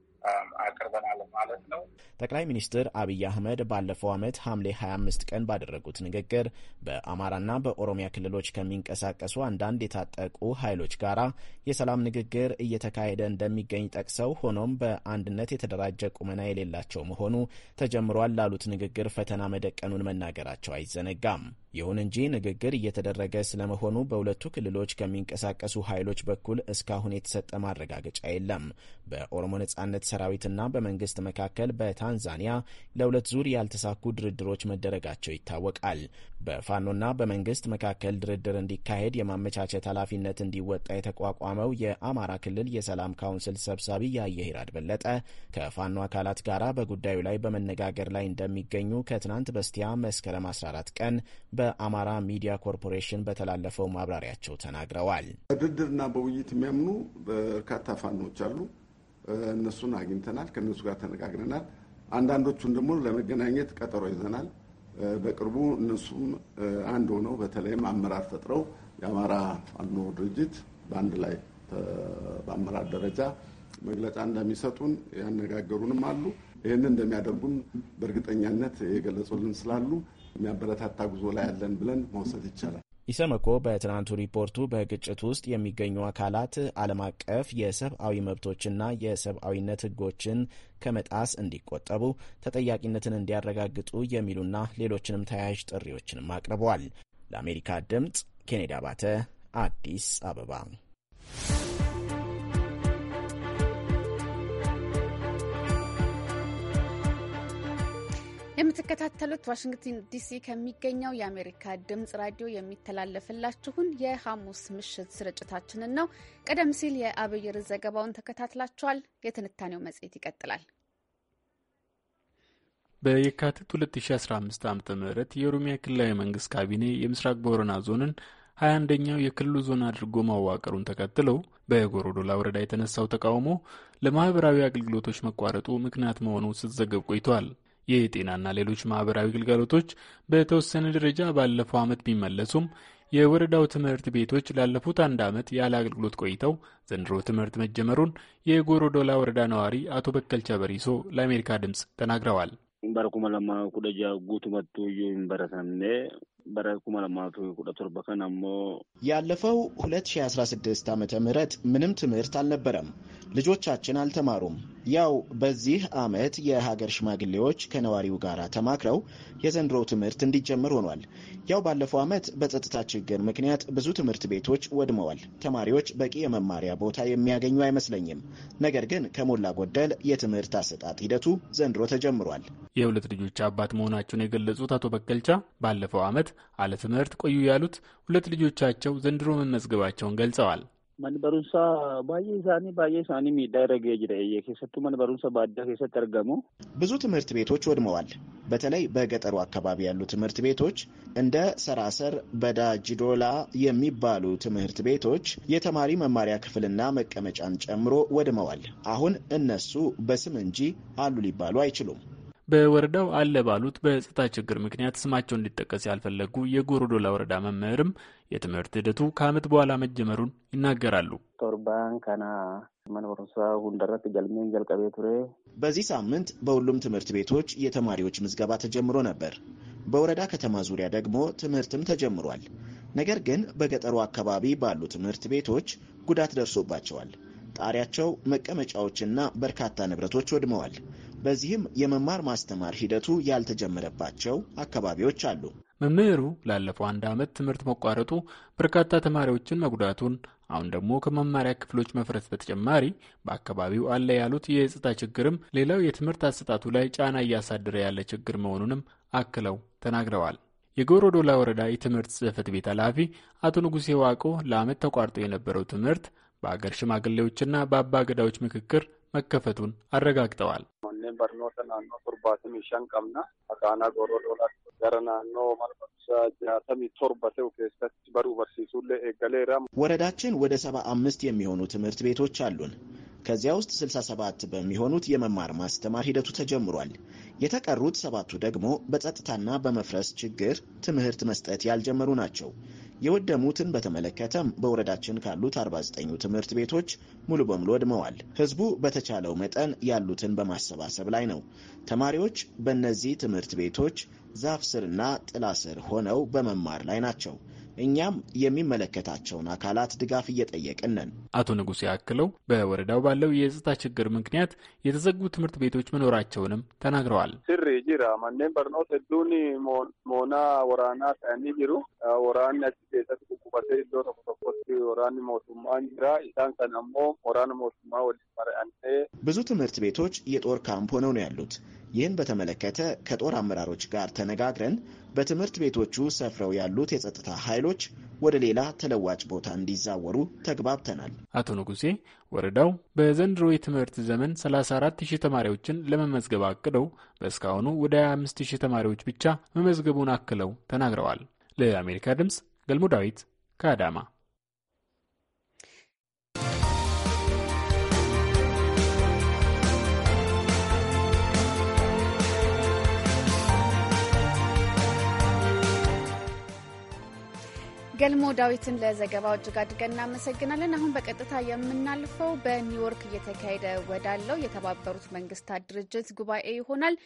አቅርበናል ማለት ነው። ጠቅላይ ሚኒስትር አብይ አህመድ ባለፈው ዓመት ሐምሌ 25 ቀን ባደረጉት ንግግር በአማራና በኦሮሚያ ክልሎች ከሚንቀሳቀሱ አንዳንድ የታጠቁ ኃይሎች ጋር የሰላም ንግግር እየተካሄደ እንደሚገኝ ጠቅሰው ሆኖም በአንድነት የተደራጀ ቁመና የሌላቸው መሆኑ ተጀምሯል ላሉት ንግግር ፈተና መደቀኑን መናገራቸው አይዘነጋም። ይሁን እንጂ ንግግር እየተደረገ ስለመሆኑ በሁለቱ ክልሎች ከሚንቀሳቀሱ ኃይሎች በኩል እስካሁን የተሰጠ ማረጋገጫ የለም። በኦሮሞ ነጻነት ሰራዊትና በመንግስት መካከል በታንዛኒያ ለሁለት ዙር ያልተሳኩ ድርድሮች መደረጋቸው ይታወቃል። በፋኖና በመንግስት መካከል ድርድር እንዲካሄድ የማመቻቸት ኃላፊነት እንዲወጣ የተቋቋመው የአማራ ክልል የሰላም ካውንስል ሰብሳቢ የአየሄር በለጠ ከፋኖ አካላት ጋራ በጉዳዩ ላይ በመነጋገር ላይ እንደሚገኙ ከትናንት በስቲያ መስከረም 14 ቀን በአማራ ሚዲያ ኮርፖሬሽን በተላለፈው ማብራሪያቸው ተናግረዋል። በድርድርና በውይይት የሚያምኑ በርካታ ፋኖች አሉ። እነሱን አግኝተናል። ከእነሱ ጋር ተነጋግረናል። አንዳንዶቹን ደግሞ ለመገናኘት ቀጠሮ ይዘናል። በቅርቡ እነሱም አንድ ሆነው በተለይም አመራር ፈጥረው የአማራ ፋኖ ድርጅት በአንድ ላይ በአመራር ደረጃ መግለጫ እንደሚሰጡን ያነጋገሩንም አሉ። ይህንን እንደሚያደርጉን በእርግጠኛነት የገለጹልን ስላሉ የሚያበረታታ ጉዞ ላይ ያለን ብለን መውሰድ ይቻላል። ኢሰመኮ በትናንቱ ሪፖርቱ በግጭት ውስጥ የሚገኙ አካላት ዓለም አቀፍ የሰብአዊ መብቶችና የሰብአዊነት ሕጎችን ከመጣስ እንዲቆጠቡ ተጠያቂነትን እንዲያረጋግጡ የሚሉና ሌሎችንም ተያያዥ ጥሪዎችንም አቅርበዋል። ለአሜሪካ ድምጽ ኬኔዲ አባተ አዲስ አበባ የምትከታተሉት ዋሽንግተን ዲሲ ከሚገኘው የአሜሪካ ድምጽ ራዲዮ የሚተላለፍላችሁን የሐሙስ ምሽት ስርጭታችንን ነው። ቀደም ሲል የአብይር ዘገባውን ተከታትላችኋል። የትንታኔው መጽሔት ይቀጥላል። በየካቲት 2015 ዓ ም የኦሮሚያ ክልላዊ መንግስት ካቢኔ የምስራቅ ቦረና ዞንን ሀያ አንደኛው የክልሉ ዞን አድርጎ ማዋቀሩን ተከትለው በጎሮዶላ ወረዳ የተነሳው ተቃውሞ ለማህበራዊ አገልግሎቶች መቋረጡ ምክንያት መሆኑ ስትዘገብ ቆይቷል። የጤናና ሌሎች ማህበራዊ ግልጋሎቶች በተወሰነ ደረጃ ባለፈው ዓመት ቢመለሱም የወረዳው ትምህርት ቤቶች ላለፉት አንድ ዓመት ያለ አገልግሎት ቆይተው ዘንድሮ ትምህርት መጀመሩን የጎሮዶላ ወረዳ ነዋሪ አቶ በከልቻ በሪሶ ለአሜሪካ ድምፅ ተናግረዋል። bara kuma lamaa kudha jaha guutumattuu iyyuu hin baratamnee bara kuma lamaa fi kudha torba kan ammoo ያለፈው 2016 ዓ ም ምንም ትምህርት አልነበረም። ልጆቻችን አልተማሩም። ያው በዚህ ዓመት የሀገር ሽማግሌዎች ከነዋሪው ጋር ተማክረው የዘንድሮ ትምህርት እንዲጀምር ሆኗል። ያው ባለፈው ዓመት በጸጥታ ችግር ምክንያት ብዙ ትምህርት ቤቶች ወድመዋል። ተማሪዎች በቂ የመማሪያ ቦታ የሚያገኙ አይመስለኝም። ነገር ግን ከሞላ ጎደል የትምህርት አሰጣጥ ሂደቱ ዘንድሮ ተጀምሯል። የሁለት ልጆች አባት መሆናቸውን የገለጹት አቶ በቀልቻ ባለፈው ዓመት አለ ትምህርት ቆዩ ያሉት ሁለት ልጆቻቸው ዘንድሮ መመዝገባቸውን ገልጸዋል። መንበሩንሳ ባዬ ሳኒ ባዬ ሳኒ ሚዳረገ የጅረ የሰቱ መንበሩንሳ ባዳ ሰት ብዙ ትምህርት ቤቶች ወድመዋል። በተለይ በገጠሩ አካባቢ ያሉ ትምህርት ቤቶች እንደ ሰራሰር፣ በዳጅዶላ የሚባሉ ትምህርት ቤቶች የተማሪ መማሪያ ክፍልና መቀመጫን ጨምሮ ወድመዋል። አሁን እነሱ በስም እንጂ አሉ ሊባሉ አይችሉም። በወረዳው አለ ባሉት በጸጥታ ችግር ምክንያት ስማቸው እንዲጠቀስ ያልፈለጉ የጎሮዶላ ወረዳ መምህርም የትምህርት ሂደቱ ከዓመት በኋላ መጀመሩን ይናገራሉ። ቶርባን ከና በዚህ ሳምንት በሁሉም ትምህርት ቤቶች የተማሪዎች ምዝገባ ተጀምሮ ነበር። በወረዳ ከተማ ዙሪያ ደግሞ ትምህርትም ተጀምሯል። ነገር ግን በገጠሩ አካባቢ ባሉ ትምህርት ቤቶች ጉዳት ደርሶባቸዋል። ጣሪያቸው፣ መቀመጫዎችና በርካታ ንብረቶች ወድመዋል። በዚህም የመማር ማስተማር ሂደቱ ያልተጀመረባቸው አካባቢዎች አሉ። መምህሩ ላለፈው አንድ ዓመት ትምህርት መቋረጡ በርካታ ተማሪዎችን መጉዳቱን አሁን ደግሞ ከመማሪያ ክፍሎች መፍረስ በተጨማሪ በአካባቢው አለ ያሉት የጸጥታ ችግርም ሌላው የትምህርት አሰጣቱ ላይ ጫና እያሳደረ ያለ ችግር መሆኑንም አክለው ተናግረዋል። የጎሮዶላ ወረዳ የትምህርት ጽህፈት ቤት ኃላፊ አቶ ንጉሴ ዋቆ ለዓመት ተቋርጦ የነበረው ትምህርት በአገር ሽማግሌዎችና በአባ ገዳዎች ምክክር መከፈቱን አረጋግጠዋል። barnoota naannoo torbaatamii shan qabna. Akaanaa Gooroo Doolaatti gara naannoo mana jaatamii torba ta'u keessatti baruu barsiisuullee eeggaleera. ወረዳችን ወደ ሰባ አምስት የሚሆኑ ትምህርት ቤቶች አሉን። ከዚያ ውስጥ ስልሳ ሰባት በሚሆኑት የመማር ማስተማር ሂደቱ ተጀምሯል። የተቀሩት ሰባቱ ደግሞ በጸጥታና በመፍረስ ችግር ትምህርት መስጠት ያልጀመሩ ናቸው። የወደሙትን በተመለከተም በወረዳችን ካሉት 49ኙ ትምህርት ቤቶች ሙሉ በሙሉ ወድመዋል። ህዝቡ በተቻለው መጠን ያሉትን በማሰባሰብ ላይ ነው። ተማሪዎች በእነዚህ ትምህርት ቤቶች ዛፍ ስርና ጥላ ስር ሆነው በመማር ላይ ናቸው። እኛም የሚመለከታቸውን አካላት ድጋፍ እየጠየቅን ነን። አቶ ንጉሴ አክለው በወረዳው ባለው የጸጥታ ችግር ምክንያት የተዘጉ ትምህርት ቤቶች መኖራቸውንም ተናግረዋል። ስሪ ጅራ በርኖት ሞና ወራና ጠኒ ጅሩ ወራን ቁቁበቴ ዶ ወራን ጅራ ኢሳን ወራን ሞቱማ ብዙ ትምህርት ቤቶች የጦር ካምፕ ሆነው ነው ያሉት። ይህን በተመለከተ ከጦር አመራሮች ጋር ተነጋግረን በትምህርት ቤቶቹ ሰፍረው ያሉት የጸጥታ ኃይሎች ወደ ሌላ ተለዋጭ ቦታ እንዲዛወሩ ተግባብተናል። አቶ ንጉሴ ወረዳው በዘንድሮ የትምህርት ዘመን 34 ተማሪዎችን ለመመዝገብ አቅደው በእስካሁኑ ወደ 25 ተማሪዎች ብቻ መመዝገቡን አክለው ተናግረዋል። ለአሜሪካ ድምፅ ገልሞ ዳዊት ከአዳማ ገልሞ ዳዊትን ለዘገባው እጅግ አድርገን እናመሰግናለን። አሁን በቀጥታ የምናልፈው በኒውዮርክ እየተካሄደ ወዳለው የተባበሩት መንግስታት ድርጅት ጉባኤ ይሆናል።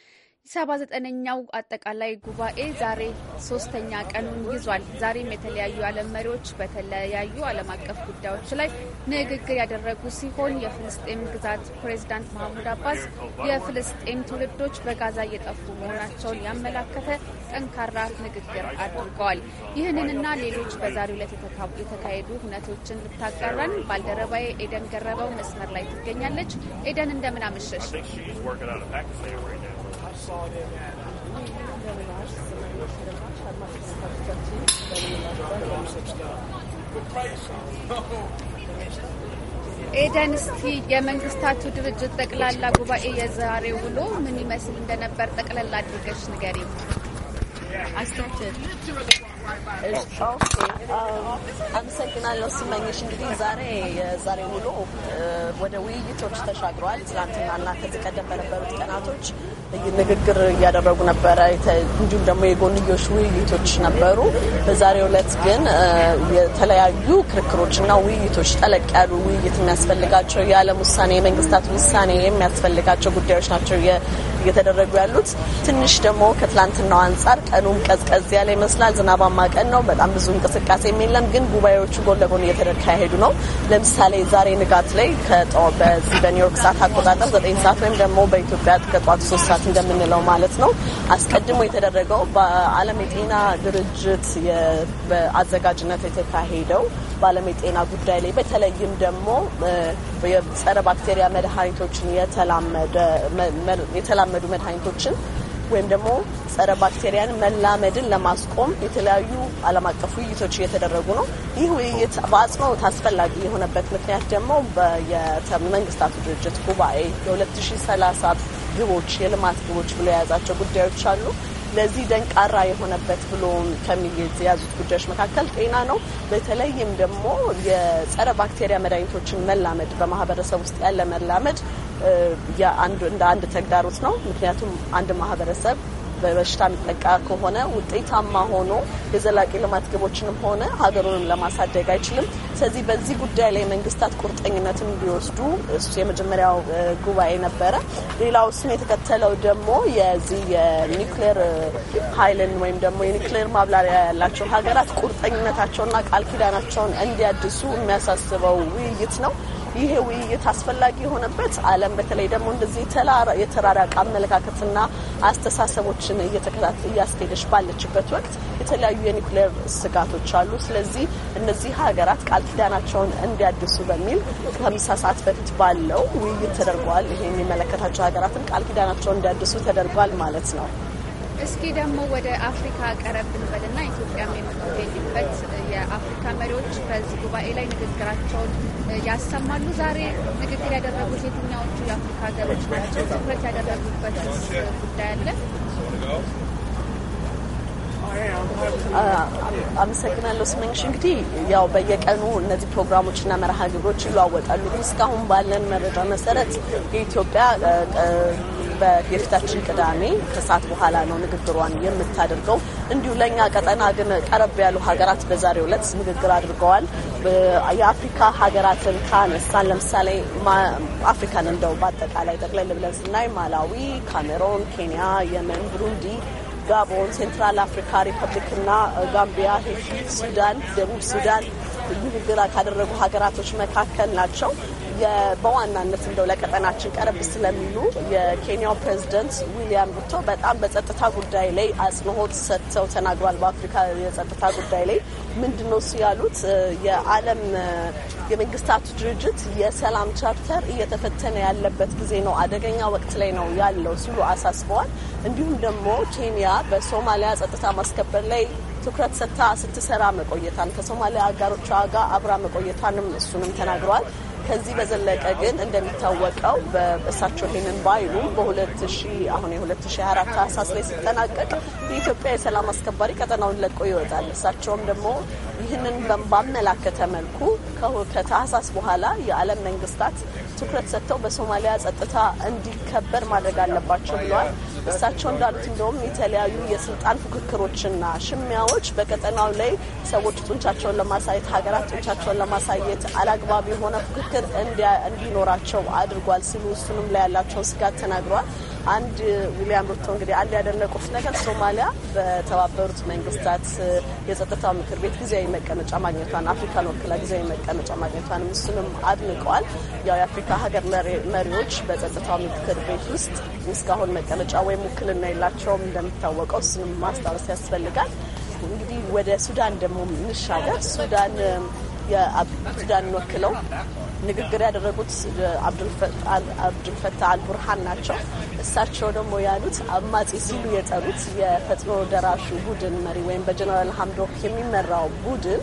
ሰ79ኛው አጠቃላይ ጉባኤ ዛሬ ሶስተኛ ቀኑን ይዟል። ዛሬም የተለያዩ ዓለም መሪዎች በተለያዩ ዓለም አቀፍ ጉዳዮች ላይ ንግግር ያደረጉ ሲሆን የፍልስጤም ግዛት ፕሬዚዳንት መሐሙድ አባስ የፍልስጤም ትውልዶች በጋዛ እየጠፉ መሆናቸውን ያመላከተ ጠንካራ ንግግር አድርገዋል። ይህንንና ሌሎች በዛሬው ዕለት የተካሄዱ ሁነቶችን ልታጋራን ባልደረባዬ ኤደን ገረበው መስመር ላይ ትገኛለች። ኤደን እንደምን አመሸሽ? ኤደን፣ እስቲ የመንግስታቱ ድርጅት ጠቅላላ ጉባኤ የዛሬ ውሎ ምን ይመስል እንደነበር ጠቅላላ አድርገሽ ንገሪ። አመሰግናለሁ ስመኝሽ። እንግዲህ ዛሬ የዛሬ ውሎ ወደ ውይይቶች ተሻግሯል። ትናንትናና ከዚህ ቀደም በነበሩት ቀናቶች ንግግር እያደረጉ ነበረ፣ እንዲሁም ደግሞ የጎንዮሽ ውይይቶች ነበሩ። በዛሬው ዕለት ግን የተለያዩ ክርክሮችና ውይይቶች ጠለቅ ያሉ ውይይት የሚያስፈልጋቸው የዓለም ውሳኔ የመንግስታት ውሳኔ የሚያስፈልጋቸው ጉዳዮች ናቸው እየተደረጉ ያሉት። ትንሽ ደግሞ ከትላንትናው አንጻር ቀኑም ቀዝቀዝ ያለ ይመስላል ዝናባማ ብርዳማ ቀን ነው። በጣም ብዙ እንቅስቃሴ የለም። ግን ጉባኤዎቹ ጎን ለጎን እየተካሄዱ ነው። ለምሳሌ ዛሬ ንጋት ላይ በዚህ በኒውዮርክ ሰዓት አቆጣጠር ዘጠኝ ሰዓት ወይም ደግሞ በኢትዮጵያ ከጠዋቱ ሶስት ሰዓት እንደምንለው ማለት ነው አስቀድሞ የተደረገው በዓለም የጤና ድርጅት በአዘጋጅነት የተካሄደው በዓለም የጤና ጉዳይ ላይ በተለይም ደግሞ የጸረ ባክቴሪያ መድኃኒቶችን የተላመዱ መድኃኒቶችን ወይም ደግሞ ጸረ ባክቴሪያን መላመድን ለማስቆም የተለያዩ ዓለም አቀፍ ውይይቶች እየተደረጉ ነው። ይህ ውይይት በአጽንኦት አስፈላጊ የሆነበት ምክንያት ደግሞ የመንግስታቱ ድርጅት ጉባኤ የ2030 ግቦች የልማት ግቦች ብሎ የያዛቸው ጉዳዮች አሉ። ለዚህ ደንቃራ የሆነበት ብሎ ከሚያዙት ጉዳዮች መካከል ጤና ነው። በተለይም ደግሞ የጸረ ባክቴሪያ መድኃኒቶችን መላመድ በማህበረሰብ ውስጥ ያለ መላመድ እንደ አንድ ተግዳሮት ነው። ምክንያቱም አንድ ማህበረሰብ በበሽታ የሚጠቃ ከሆነ ውጤታማ ሆኖ የዘላቂ ልማት ግቦችንም ሆነ ሀገሩንም ለማሳደግ አይችልም። ስለዚህ በዚህ ጉዳይ ላይ መንግስታት ቁርጠኝነትን ቢወስዱ እሱ የመጀመሪያው ጉባኤ ነበረ። ሌላው እሱን የተከተለው ደግሞ የዚህ የኒክሌር ኃይልን ወይም ደግሞ የኒክሌር ማብላሪያ ያላቸው ሀገራት ቁርጠኝነታቸውና ቃል ኪዳናቸውን እንዲያድሱ የሚያሳስበው ውይይት ነው። ይሄ ውይይት አስፈላጊ የሆነበት ዓለም በተለይ ደግሞ እንደዚህ የተራራቀ አመለካከትና አስተሳሰቦችን እየተከታት እያስኬደች ባለችበት ወቅት የተለያዩ የኒውክሌር ስጋቶች አሉ። ስለዚህ እነዚህ ሀገራት ቃል ኪዳናቸውን እንዲያድሱ በሚል ከምሳ ሰዓት በፊት ባለው ውይይት ተደርጓል። ይሄ የሚመለከታቸው ሀገራትም ቃል ኪዳናቸውን እንዲያድሱ ተደርጓል ማለት ነው። እስኪ ደግሞ ወደ አፍሪካ ቀረብ እንበልና ኢትዮጵያ የምትገኝበት የአፍሪካ መሪዎች በዚህ ጉባኤ ላይ ንግግራቸውን ያሰማሉ። ዛሬ ንግግር ያደረጉት የትኛዎቹ የአፍሪካ ሀገሮች ናቸው? ትኩረት ያደረጉበት ጉዳይ አለ? አመሰግናለሁ ስመኝሽ። እንግዲህ ያው በየቀኑ እነዚህ ፕሮግራሞችና መርሃ ግብሮች ይለዋወጣሉ። እስካሁን ባለን መረጃ መሰረት የኢትዮጵያ በየፊታችን ቅዳሜ ከሰዓት በኋላ ነው ንግግሯን የምታደርገው። እንዲሁ ለእኛ ቀጠና ግን ቀረብ ያሉ ሀገራት በዛሬው ዕለት ንግግር አድርገዋል። የአፍሪካ ሀገራትን ካነሳን ለምሳሌ አፍሪካን እንደው በአጠቃላይ ጠቅለል ብለን ስናይ ማላዊ፣ ካሜሮን፣ ኬንያ፣ የመን፣ ብሩንዲ ጋቦን፣ ሴንትራል አፍሪካ ሪፐብሊክ እና ጋምቢያ፣ ሱዳን፣ ደቡብ ሱዳን ንግግር ካደረጉ ሀገራቶች መካከል ናቸው። በዋናነት እንደው ለቀጠናችን ቀረብ ስለሚሉ የኬንያው ፕሬዚደንት ዊሊያም ሩቶ በጣም በጸጥታ ጉዳይ ላይ አጽንኦት ሰጥተው ተናግሯል። በአፍሪካ የጸጥታ ጉዳይ ላይ ምንድን ነው እሱ ያሉት? የዓለም የመንግስታቱ ድርጅት የሰላም ቻርተር እየተፈተነ ያለበት ጊዜ ነው፣ አደገኛ ወቅት ላይ ነው ያለው ሲሉ አሳስበዋል። እንዲሁም ደግሞ ኬንያ በሶማሊያ ጸጥታ ማስከበር ላይ ትኩረት ሰጥታ ስትሰራ መቆየታን ከሶማሊያ አጋሮቿ ጋር አብራ መቆየታንም እሱንም ተናግረዋል። ከዚህ በዘለቀ ግን እንደሚታወቀው በእሳቸው ይሄንን ባይሉም በ2 አሁን የ2024 ታህሳስ ላይ ሲጠናቀቅ የኢትዮጵያ የሰላም አስከባሪ ቀጠናውን ለቆ ይወጣል። እሳቸውም ደግሞ ይህንን ባመላከተ መልኩ ከታህሳስ በኋላ የዓለም መንግስታት ትኩረት ሰጥተው በሶማሊያ ጸጥታ እንዲከበር ማድረግ አለባቸው ብለዋል። እሳቸው እንዳሉት እንደውም የተለያዩ የስልጣን ፉክክሮችና ሽሚያዎች በቀጠናው ላይ ሰዎች ጡንቻቸውን ለማሳየት ሀገራት ጡንቻቸውን ለማሳየት አላግባብ የሆነ ፉክክር እንዲኖራቸው አድርጓል ሲሉ እሱንም ላይ ያላቸውን ስጋት ተናግረዋል። አንድ ዊሊያም ሩቶ እንግዲህ አንድ ያደነቁት ነገር ሶማሊያ በተባበሩት መንግስታት የጸጥታው ምክር ቤት ጊዜያዊ መቀመጫ ማግኘቷን አፍሪካን ወክላ ጊዜያዊ መቀመጫ ማግኘቷን እሱንም አድንቀዋል። ያው የአፍሪካ ሀገር መሪዎች በጸጥታው ምክር ቤት ውስጥ እስካሁን መቀመጫ ወይም ውክልና የላቸውም እንደሚታወቀው፣ እሱንም ማስታወስ ያስፈልጋል። እንግዲህ ወደ ሱዳን ደግሞ እንሻገር። ሱዳን ሱዳንን ወክለው ንግግር ያደረጉት አብዱልፈታ አልቡርሃን ናቸው። እሳቸው ደግሞ ያሉት አማጺ ሲሉ የጠሩት የፈጥኖ ደራሹ ቡድን መሪ ወይም በጀነራል ሀምዶክ የሚመራው ቡድን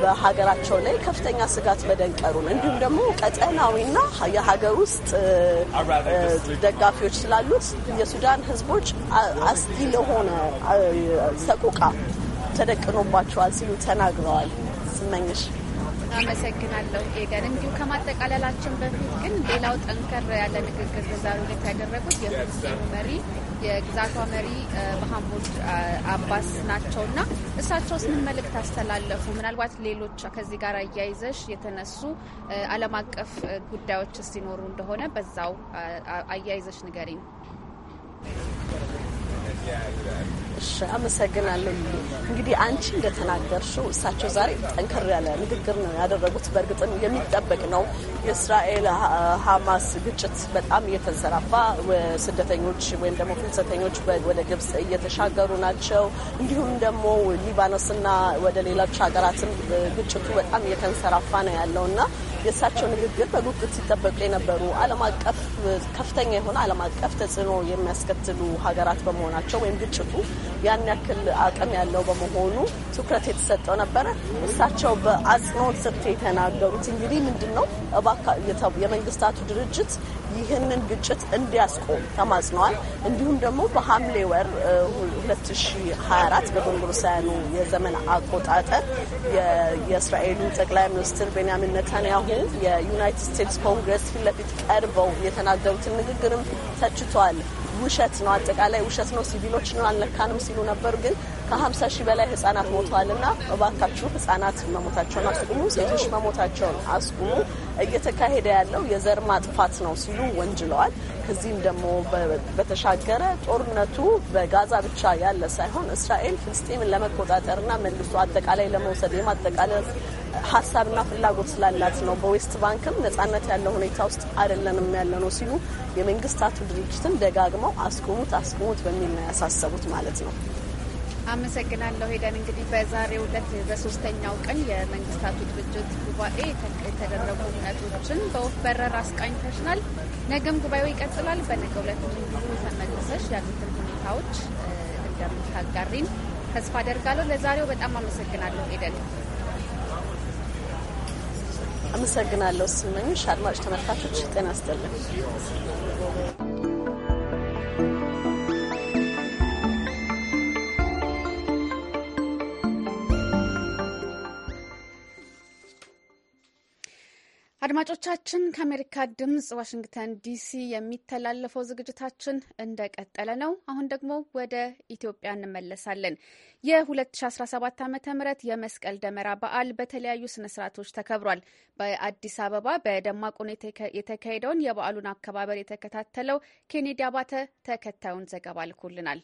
በሀገራቸው ላይ ከፍተኛ ስጋት መደንቀሩን እንዲሁም ደግሞ ቀጠናዊና የሀገር ውስጥ ደጋፊዎች ስላሉት የሱዳን ህዝቦች አስጊ ለሆነ ሰቆቃ ተደቅኖባቸዋል ሲሉ ተናግረዋል። ስመኝሽ አመሰግናለሁ ኤደን። እንዲሁ ከማጠቃለላችን በፊት ግን ሌላው ጠንከር ያለ ንግግር በዛሬው ዕለት ያደረጉት የፍልስጤኑ መሪ የግዛቷ መሪ መሐሙድ አባስ ናቸው እና እሳቸውስ ምን መልእክት አስተላለፉ? ምናልባት ሌሎች ከዚህ ጋር አያይዘሽ የተነሱ ዓለም አቀፍ ጉዳዮች ሲኖሩ እንደሆነ በዛው አያይዘሽ ንገሪኝ። እሺ፣ አመሰግናለሁ። እንግዲህ አንቺ እንደተናገርሽው እሳቸው ዛሬ ጠንከር ያለ ንግግር ነው ያደረጉት። በእርግጥም የሚጠበቅ ነው። የእስራኤል ሀማስ ግጭት በጣም እየተንሰራፋ ስደተኞች ወይም ደግሞ ፍልሰተኞች ወደ ግብጽ እየተሻገሩ ናቸው። እንዲሁም ደግሞ ሊባኖስና ወደ ሌሎች ሀገራትም ግጭቱ በጣም እየተንሰራፋ ነው ያለው እና የእሳቸው ንግግር በጉጉት ሲጠበቁ የነበሩ ዓለም አቀፍ ከፍተኛ የሆነ ዓለም አቀፍ ተጽዕኖ የሚያስከትሉ ሀገራት በመሆናቸው ወይም ግጭቱ ያን ያክል አቅም ያለው በመሆኑ ትኩረት የተሰጠው ነበረ። እሳቸው በአጽንኦት ስርት የተናገሩት እንግዲህ ምንድን ነው የመንግስታቱ ድርጅት ይህንን ግጭት እንዲያስቆም ተማጽነዋል። እንዲሁም ደግሞ በሐምሌ ወር 2024 በጎርጎሮሳውያኑ የዘመን አቆጣጠር የእስራኤሉ ጠቅላይ ሚኒስትር ቤንያሚን ነታንያሁ የዩናይትድ ስቴትስ ኮንግረስ ፊት ለፊት ቀርበው የተናገሩትን ንግግርም ተችቷል። ውሸት ነው፣ አጠቃላይ ውሸት ነው፣ ነው አልነካንም ሲሉ ነበር። ግን ከሀምሳ ሺህ በላይ ህጻናት ሞተዋል እና እባካችሁ ህጻናት መሞታቸውን አስቁሙ፣ ሴቶች መሞታቸውን አስቁሙ፣ እየተካሄደ ያለው የዘር ማጥፋት ነው ሲሉ ወንጅለዋል። ከዚህም ደግሞ በተሻገረ ጦርነቱ በጋዛ ብቻ ያለ ሳይሆን እስራኤል ፍልስጤምን ለመቆጣጠርና መልሶ አጠቃላይ ለመውሰድ የማጠቃለል ሀሳብና ፍላጎት ስላላት ነው። በዌስት ባንክም ነጻነት ያለው ሁኔታ ውስጥ አይደለንም ያለ ነው ሲሉ የመንግስታቱ ድርጅትን ደጋግመው አስቁሙት አስቁሙት በሚል ነው ያሳሰቡት ማለት ነው። አመሰግናለሁ ሄደን። እንግዲህ በዛሬው ዕለት በሶስተኛው ቀን የመንግስታቱ ድርጅት ጉባኤ የተደረጉ እውነቶችን በወፍ በረር አስቃኝተሽናል። ነገም ጉባኤው ይቀጥላል። በነገው ዕለት እንዲሁ ተመልሰሽ ያሉትን ሁኔታዎች እንደምታጋሪን ተስፋ አደርጋለሁ። ለዛሬው በጣም አመሰግናለሁ ኤደን። አመሰግናለሁ ስመኝሽ። አድማጭ ተመልካቾች ጤና ይስጥልን። አድማጮቻችን ከአሜሪካ ድምጽ ዋሽንግተን ዲሲ የሚተላለፈው ዝግጅታችን እንደቀጠለ ነው። አሁን ደግሞ ወደ ኢትዮጵያ እንመለሳለን። የ2017 ዓ ም የመስቀል ደመራ በዓል በተለያዩ ስነስርዓቶች ተከብሯል። በአዲስ አበባ በደማቅ ሁኔታ የተካሄደውን የበዓሉን አከባበር የተከታተለው ኬኔዲ አባተ ተከታዩን ዘገባ ልኮልናል።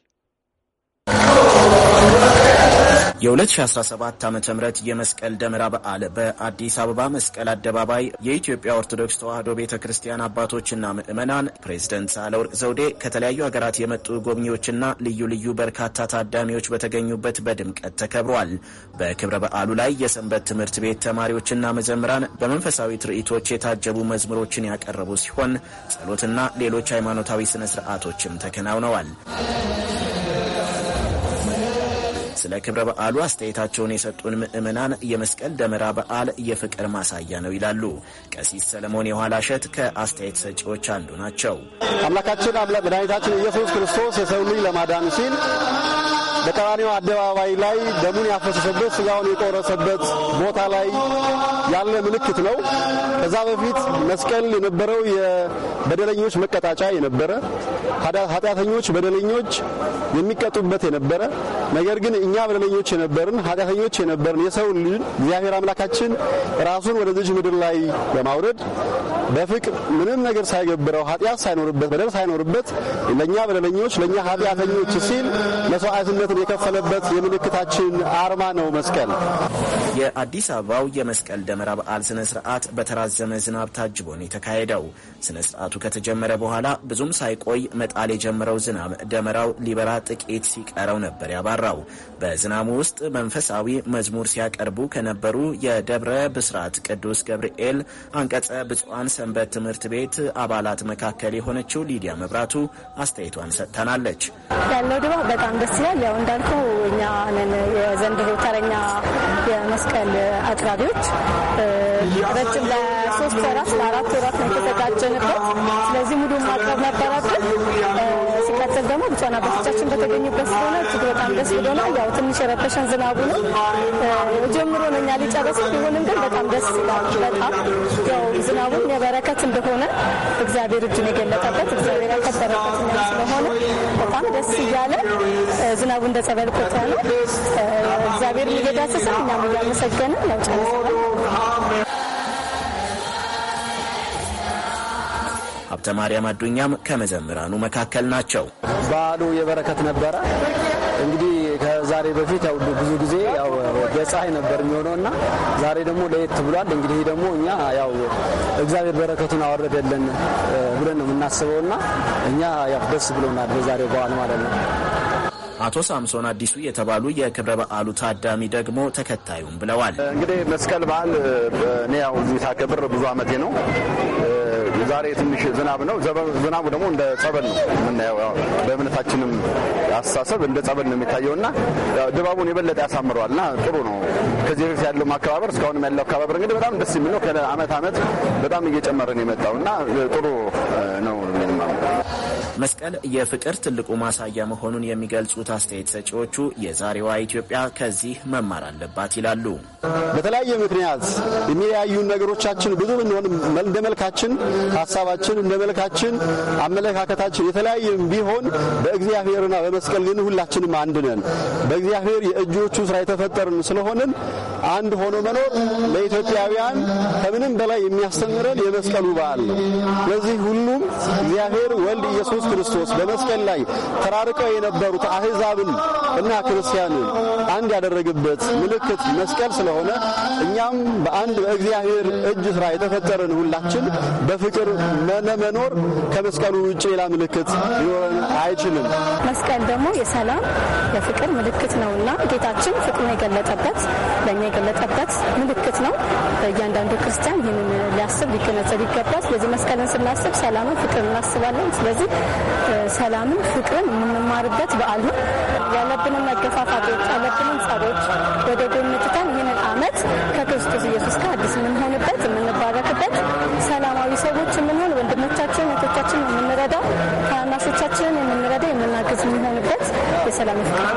የ2017 ዓ ም የመስቀል ደመራ በዓል በአዲስ አበባ መስቀል አደባባይ የኢትዮጵያ ኦርቶዶክስ ተዋሕዶ ቤተ ክርስቲያን አባቶችና ምዕመናን፣ ፕሬዝደንት ሳህለወርቅ ዘውዴ፣ ከተለያዩ ሀገራት የመጡ ጎብኚዎችና ልዩ ልዩ በርካታ ታዳሚዎች በተገኙበት በድምቀት ተከብሯል። በክብረ በዓሉ ላይ የሰንበት ትምህርት ቤት ተማሪዎችና መዘምራን በመንፈሳዊ ትርኢቶች የታጀቡ መዝሙሮችን ያቀረቡ ሲሆን ጸሎትና ሌሎች ሃይማኖታዊ ስነ ስርዓቶችም ተከናውነዋል። ስለ ክብረ በዓሉ አስተያየታቸውን የሰጡን ምዕመናን የመስቀል ደመራ በዓል የፍቅር ማሳያ ነው ይላሉ። ቀሲስ ሰለሞን የኋላ እሸት ከአስተያየት ሰጪዎች አንዱ ናቸው። አምላካችን መድኃኒታችን ኢየሱስ ክርስቶስ የሰው ልጅ ለማዳን ሲል በቀራኒው አደባባይ ላይ ደሙን ያፈሰሰበት ስጋውን የቆረሰበት ቦታ ላይ ያለ ምልክት ነው። ከዛ በፊት መስቀል የነበረው የበደለኞች መቀጣጫ የነበረ ኃጢአተኞች በደለኞች የሚቀጡበት የነበረ ነገር ግን እኛ በደለኞች የነበርን ኃጢአተኞች የነበርን የሰው ልጅ እግዚአብሔር አምላካችን ራሱን ወደዚች ምድር ላይ ለማውረድ በፍቅር ምንም ነገር ሳይገብረው ኃጢአት ሳይኖርበት በደል ሳይኖርበት ለእኛ በደለኞች ለእኛ ኃጢአተኞች ሲል መስዋዕትነትን የከፈለበት የምልክታችን አርማ ነው መስቀል። የአዲስ አበባው የመስቀል ደመራ በዓል ስነ ስርዓት በተራዘመ ዝናብ ታጅቦ ነው የተካሄደው። ስነ ስርዓቱ ከተጀመረ በኋላ ብዙም ሳይቆይ መጣል የጀመረው ዝናብ ደመራው ሊበራ ጥቂት ሲቀረው ነበር ያባራው። በዝናቡ ውስጥ መንፈሳዊ መዝሙር ሲያቀርቡ ከነበሩ የደብረ ብስራት ቅዱስ ገብርኤል አንቀጸ ብፁዓን ሰንበት ትምህርት ቤት አባላት መካከል የሆነችው ሊዲያ መብራቱ አስተያየቷን ሰጥተናለች። ያለው ድባብ በጣም ደስ ይላል። ያው እንዳልኩ እኛ ነን የዘንድሮ ተረኛ የመስቀል አቅራቢዎች። ረጅም ለሶስት ወራት ለአራት ወራት ነው የተዘጋጀንበት። ስለዚህ ሙሉ ማቅረብ ነበረብን። ስናደርግ ደግሞ ብፁዕ አባቶቻችን በተገኙበት ስለሆነ እጅግ በጣም ደስ ብሎናል። ያው ትንሽ የረበሸን ዝናቡ ነው ጀምሮ ነው እኛ ሊጨረስ ቢሆንም ግን በጣም ደስ ይላል። በጣም ያው ዝናቡም የበረከት እንደሆነ እግዚአብሔር እጁን የገለጠበት እግዚአብሔር ያከበረበት ስለሆነ በጣም ደስ እያለ ዝናቡ እንደ ጸበል ቆጥሮ ነው እግዚአብሔር እየዳሰሰን እኛም እያመሰገንን ያው ጨርሰናል። ሀብተ ማርያም አዱኛም ከመዘምራኑ መካከል ናቸው። በዓሉ የበረከት ነበረ። እንግዲህ ከዛሬ በፊት ያው ብዙ ጊዜ ያው በፀሐይ ነበር የሚሆነው እና ዛሬ ደግሞ ለየት ብሏል። እንግዲህ ደግሞ እኛ ያው እግዚአብሔር በረከቱን አወረደልን ብለን ነው የምናስበው እና እኛ ያው ደስ ብሎናል በዛሬው በዓል ማለት ነው። አቶ ሳምሶን አዲሱ የተባሉ የክብረ በዓሉ ታዳሚ ደግሞ ተከታዩም ብለዋል። እንግዲህ መስቀል በዓል እኔ ያው ሳከብር ብዙ ዓመቴ ነው ዛሬ ትንሽ ዝናብ ነው። ዝናቡ ደግሞ እንደ ጸበል ነው የምናየው። በእምነታችንም አስተሳሰብ እንደ ጸበል ነው የሚታየው እና ድባቡን የበለጠ ያሳምረዋል እና ጥሩ ነው። ከዚህ በፊት ያለው አከባበር እስካሁንም ያለው አከባበር እንግዲህ በጣም ደስ የሚለው ከአመት አመት በጣም እየጨመረ ነው የመጣው እና ጥሩ ነው። መስቀል የፍቅር ትልቁ ማሳያ መሆኑን የሚገልጹት አስተያየት ሰጪዎቹ የዛሬዋ ኢትዮጵያ ከዚህ መማር አለባት ይላሉ። በተለያየ ምክንያት የሚለያዩ ነገሮቻችን ብዙ ብንሆን እንደ መልካችን፣ ሀሳባችን፣ እንደ መልካችን፣ አመለካከታችን የተለያየ ቢሆን በእግዚአብሔርና በመስቀል ግን ሁላችንም አንድ ነን። በእግዚአብሔር የእጆቹ ስራ የተፈጠርን ስለሆንን አንድ ሆኖ መኖር ለኢትዮጵያውያን ከምንም በላይ የሚያስተምረን የመስቀሉ በዓል ነው። ስለዚህ ሁሉም እግዚአብሔር ወልድ ኢየሱስ ኢየሱስ ክርስቶስ በመስቀል ላይ ተራርቀው የነበሩት አህዛብን እና ክርስቲያንን አንድ ያደረገበት ምልክት መስቀል ስለሆነ እኛም በአንድ በእግዚአብሔር እጅ ስራ የተፈጠረን ሁላችን በፍቅር ለመኖር ከመስቀሉ ውጭ ሌላ ምልክት ሊኖረን አይችልም። መስቀል ደግሞ የሰላም የፍቅር ምልክት ነውና ጌታችን ፍቅሩን የገለጠበት ለእኛ የገለጠበት ምልክት ነው። እያንዳንዱ ክርስቲያን ይህንን ሊያስብ ሊገነዘብ ይገባል። ስለዚህ መስቀልን ስናስብ ሰላምን፣ ፍቅር እናስባለን። ስለዚህ ሰላምን፣ ፍቅርን የምንማርበት በዓል ነው። ያለብንን መገፋፋቶች፣ ያለብንን ጸቦች ወደ ጎን ትተን ይህንን አመት ከክርስቶስ ኢየሱስ ጋር አዲስ የምንሆንበት የምንባረክበት፣ ሰላማዊ ሰዎች የምንሆን ወንድሞቻችን እህቶቻችን የምንረዳ፣ ታናሾቻችንን የምንረዳ የምናግዝ የምንሆንበት የሰላም ፍቅር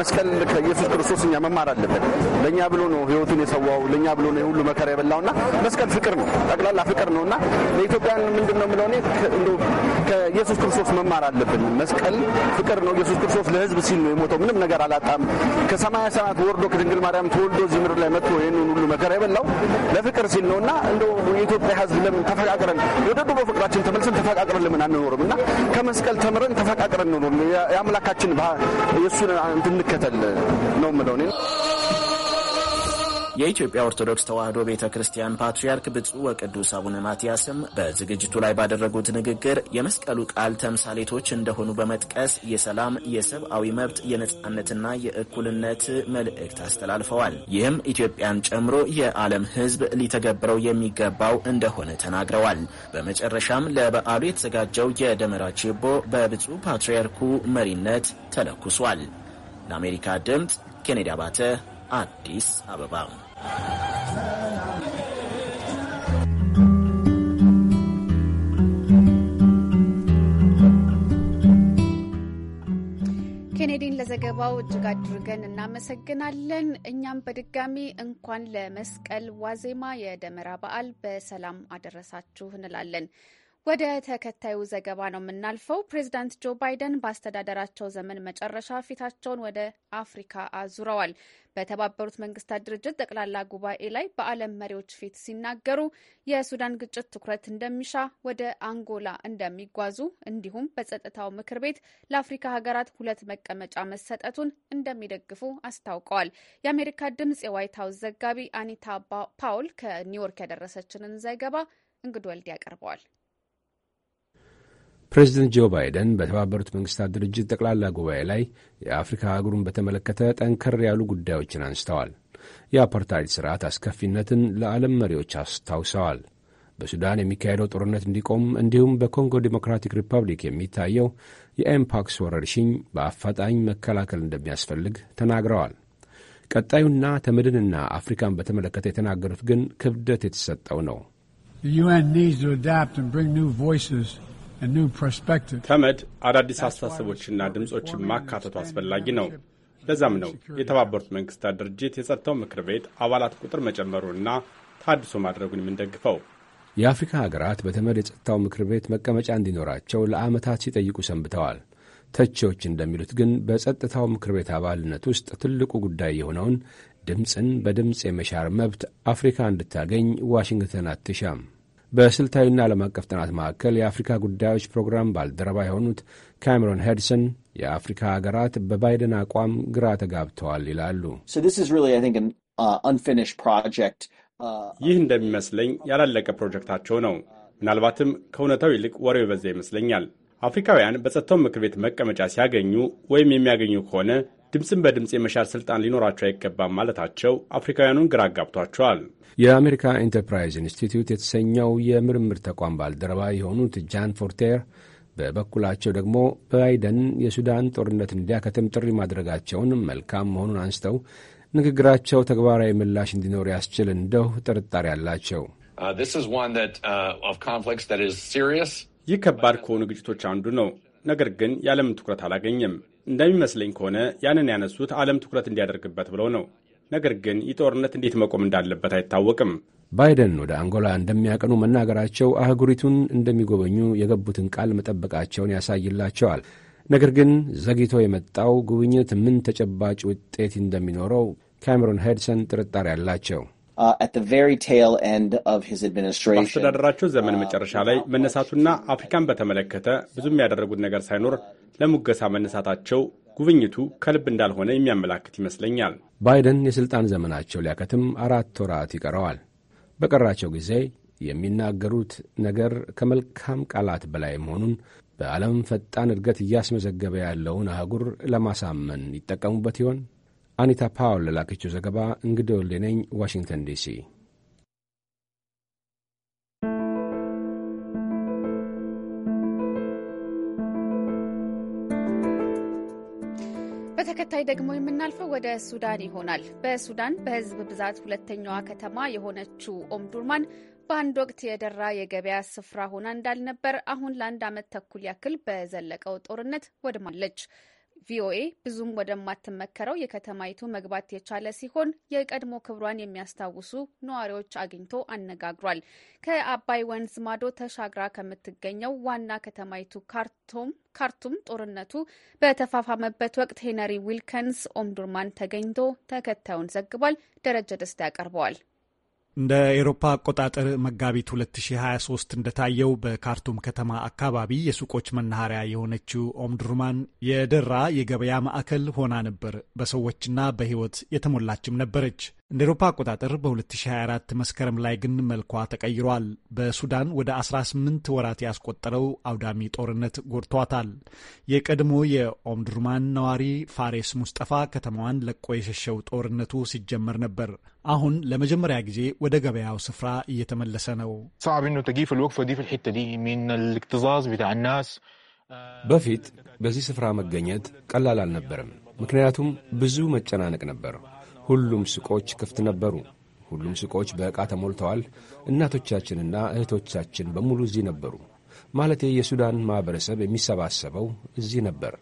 መስቀል ከኢየሱስ ክርስቶስ እኛ መማር አለብን። ለእኛ ብሎ ነው ህይወቱን የሰዋው፣ ለእኛ ብሎ ነው የሁሉ መከራ የበላውና መስቀል ፍቅር ነው፣ ጠቅላላ ፍቅር ነው እና ለኢትዮጵያን ምንድን ነው የምለው ከኢየሱስ ክርስቶስ መማር አለብን። መስቀል ፍቅር ነው። ኢየሱስ ክርስቶስ ለህዝብ ሲል ነው የሞተው። ምንም ነገር አላጣም። ከሰማያ ሰማያት ወርዶ ከድንግል ማርያም ተወልዶ እዚህ ምድር ላይ መጥቶ ይህንን ሁሉ መከራ የበላው ለፍቅር ሲል ነው እና እንደ የኢትዮጵያ ህዝብ ለምን ተፈቃቅረን ወደ ድሮ ፍቅራችን ተመልሰን ተፈቃቅረን ለምን አንኖርም እና ከመስቀል ተምረን ተፈቃቅረን እንኖር የአምላካችን የእሱን እንከተል ነው ምለው የኢትዮጵያ ኦርቶዶክስ ተዋሕዶ ቤተ ክርስቲያን ፓትርያርክ ብፁዕ ወቅዱስ አቡነ ማትያስም በዝግጅቱ ላይ ባደረጉት ንግግር የመስቀሉ ቃል ተምሳሌቶች እንደሆኑ በመጥቀስ የሰላም፣ የሰብአዊ መብት፣ የነፃነትና የእኩልነት መልእክት አስተላልፈዋል። ይህም ኢትዮጵያን ጨምሮ የዓለም ሕዝብ ሊተገብረው የሚገባው እንደሆነ ተናግረዋል። በመጨረሻም ለበዓሉ የተዘጋጀው የደመራ ችቦ በብፁዕ ፓትርያርኩ መሪነት ተለኩሷል። ለአሜሪካ ድምፅ ኬኔዲ አባተ አዲስ አበባ። ኬኔዲን ለዘገባው እጅግ አድርገን እናመሰግናለን። እኛም በድጋሚ እንኳን ለመስቀል ዋዜማ የደመራ በዓል በሰላም አደረሳችሁ እንላለን። ወደ ተከታዩ ዘገባ ነው የምናልፈው። ፕሬዚዳንት ጆ ባይደን በአስተዳደራቸው ዘመን መጨረሻ ፊታቸውን ወደ አፍሪካ አዙረዋል። በተባበሩት መንግስታት ድርጅት ጠቅላላ ጉባኤ ላይ በዓለም መሪዎች ፊት ሲናገሩ የሱዳን ግጭት ትኩረት እንደሚሻ፣ ወደ አንጎላ እንደሚጓዙ እንዲሁም በጸጥታው ምክር ቤት ለአፍሪካ ሀገራት ሁለት መቀመጫ መሰጠቱን እንደሚደግፉ አስታውቀዋል። የአሜሪካ ድምጽ የዋይት ሀውስ ዘጋቢ አኒታ ፓውል ከኒውዮርክ ያደረሰችንን ዘገባ እንግድ ወልድ ያቀርበዋል። ፕሬዚደንት ጆ ባይደን በተባበሩት መንግስታት ድርጅት ጠቅላላ ጉባኤ ላይ የአፍሪካ አህጉሩን በተመለከተ ጠንከር ያሉ ጉዳዮችን አንስተዋል። የአፓርታይድ ስርዓት አስከፊነትን ለዓለም መሪዎች አስታውሰዋል። በሱዳን የሚካሄደው ጦርነት እንዲቆም እንዲሁም በኮንጎ ዴሞክራቲክ ሪፐብሊክ የሚታየው የኤምፓክስ ወረርሽኝ በአፋጣኝ መከላከል እንደሚያስፈልግ ተናግረዋል። ቀጣዩና ተመድንና አፍሪካን በተመለከተ የተናገሩት ግን ክብደት የተሰጠው ነው። ተመድ አዳዲስ አስተሳሰቦችና ድምፆችን ማካተቱ አስፈላጊ ነው። ለዛም ነው የተባበሩት መንግስታት ድርጅት የጸጥታው ምክር ቤት አባላት ቁጥር መጨመሩንና ታድሶ ማድረጉን የምንደግፈው። የአፍሪካ ሀገራት በተመድ የጸጥታው ምክር ቤት መቀመጫ እንዲኖራቸው ለዓመታት ሲጠይቁ ሰንብተዋል። ተቺዎች እንደሚሉት ግን በጸጥታው ምክር ቤት አባልነት ውስጥ ትልቁ ጉዳይ የሆነውን ድምፅን በድምፅ የመሻር መብት አፍሪካ እንድታገኝ ዋሽንግተን አትሻም። በስልታዊና ዓለም አቀፍ ጥናት ማዕከል የአፍሪካ ጉዳዮች ፕሮግራም ባልደረባ የሆኑት ካሜሮን ሄድሰን የአፍሪካ ሀገራት በባይደን አቋም ግራ ተጋብተዋል ይላሉ። uh, uh, ይህ እንደሚመስለኝ ያላለቀ ፕሮጀክታቸው ነው። ምናልባትም ከእውነታው ይልቅ ወሬው የበዛ ይመስለኛል። አፍሪካውያን በጸጥታው ምክር ቤት መቀመጫ ሲያገኙ ወይም የሚያገኙ ከሆነ ድምፅን በድምፅ የመሻር ስልጣን ሊኖራቸው አይገባም ማለታቸው አፍሪካውያኑን ግራ አጋብቷቸዋል። የአሜሪካ ኢንተርፕራይዝ ኢንስቲትዩት የተሰኘው የምርምር ተቋም ባልደረባ የሆኑት ጃን ፎርቴር በበኩላቸው ደግሞ ባይደን የሱዳን ጦርነት እንዲያከትም ጥሪ ማድረጋቸውን መልካም መሆኑን አንስተው ንግግራቸው ተግባራዊ ምላሽ እንዲኖር ያስችል እንደው ጥርጣሬ አላቸው። uh, uh, ይህ ከባድ ከሆኑ ግጭቶች አንዱ ነው። ነገር ግን የዓለምን ትኩረት አላገኘም። እንደሚመስለኝ ከሆነ ያንን ያነሱት ዓለም ትኩረት እንዲያደርግበት ብለው ነው። ነገር ግን ይህ ጦርነት እንዴት መቆም እንዳለበት አይታወቅም። ባይደን ወደ አንጎላ እንደሚያቀኑ መናገራቸው አህጉሪቱን እንደሚጎበኙ የገቡትን ቃል መጠበቃቸውን ያሳይላቸዋል። ነገር ግን ዘግይቶ የመጣው ጉብኝት ምን ተጨባጭ ውጤት እንደሚኖረው ካሜሮን ሄድሰን ጥርጣሬ አላቸው። በአስተዳደራቸው uh, ዘመን uh, መጨረሻ ላይ መነሳቱና አፍሪካን በተመለከተ ብዙም ያደረጉት ነገር ሳይኖር ለሙገሳ መነሳታቸው ጉብኝቱ ከልብ እንዳልሆነ የሚያመላክት ይመስለኛል። ባይደን የሥልጣን ዘመናቸው ሊያከትም አራት ወራት ይቀረዋል። በቀራቸው ጊዜ የሚናገሩት ነገር ከመልካም ቃላት በላይ መሆኑን በዓለም ፈጣን እድገት እያስመዘገበ ያለውን አህጉር ለማሳመን ይጠቀሙበት ይሆን? አኒታ ፓውል ለላከችው ዘገባ እንግዲ ወልዴ ነኝ፣ ዋሽንግተን ዲሲ። በተከታይ ደግሞ የምናልፈው ወደ ሱዳን ይሆናል። በሱዳን በህዝብ ብዛት ሁለተኛዋ ከተማ የሆነችው ኦምዱርማን በአንድ ወቅት የደራ የገበያ ስፍራ ሆና እንዳልነበር አሁን ለአንድ ዓመት ተኩል ያክል በዘለቀው ጦርነት ወድማለች። ቪኦኤ ብዙም ወደማትመከረው የከተማይቱ መግባት የቻለ ሲሆን የቀድሞ ክብሯን የሚያስታውሱ ነዋሪዎች አግኝቶ አነጋግሯል። ከአባይ ወንዝ ማዶ ተሻግራ ከምትገኘው ዋና ከተማይቱ ካርቱም ካርቱም ጦርነቱ በተፋፋመበት ወቅት ሄነሪ ዊልከንስ ኦምዱርማን ተገኝቶ ተከታዩን ዘግቧል። ደረጀ ደስታ ያቀርበዋል። እንደ ኤሮፓ አቆጣጠር መጋቢት 2023 እንደታየው በካርቱም ከተማ አካባቢ የሱቆች መናኸሪያ የሆነችው ኦምድሩማን የደራ የገበያ ማዕከል ሆና ነበር። በሰዎችና በሕይወት የተሞላችም ነበረች። እንደ ኤሮፓ አቆጣጠር በ2024 መስከረም ላይ ግን መልኳ ተቀይሯል። በሱዳን ወደ 18 ወራት ያስቆጠረው አውዳሚ ጦርነት ጎድቷታል። የቀድሞ የኦምድርማን ነዋሪ ፋሬስ ሙስጠፋ ከተማዋን ለቆ የሸሸው ጦርነቱ ሲጀመር ነበር። አሁን ለመጀመሪያ ጊዜ ወደ ገበያው ስፍራ እየተመለሰ ነው። በፊት በዚህ ስፍራ መገኘት ቀላል አልነበርም። ምክንያቱም ብዙ መጨናነቅ ነበር። ሁሉም ሱቆች ክፍት ነበሩ። ሁሉም ሱቆች በዕቃ ተሞልተዋል። እናቶቻችንና እህቶቻችን በሙሉ እዚህ ነበሩ። ማለቴ የሱዳን ማኅበረሰብ የሚሰባሰበው እዚህ ነበር።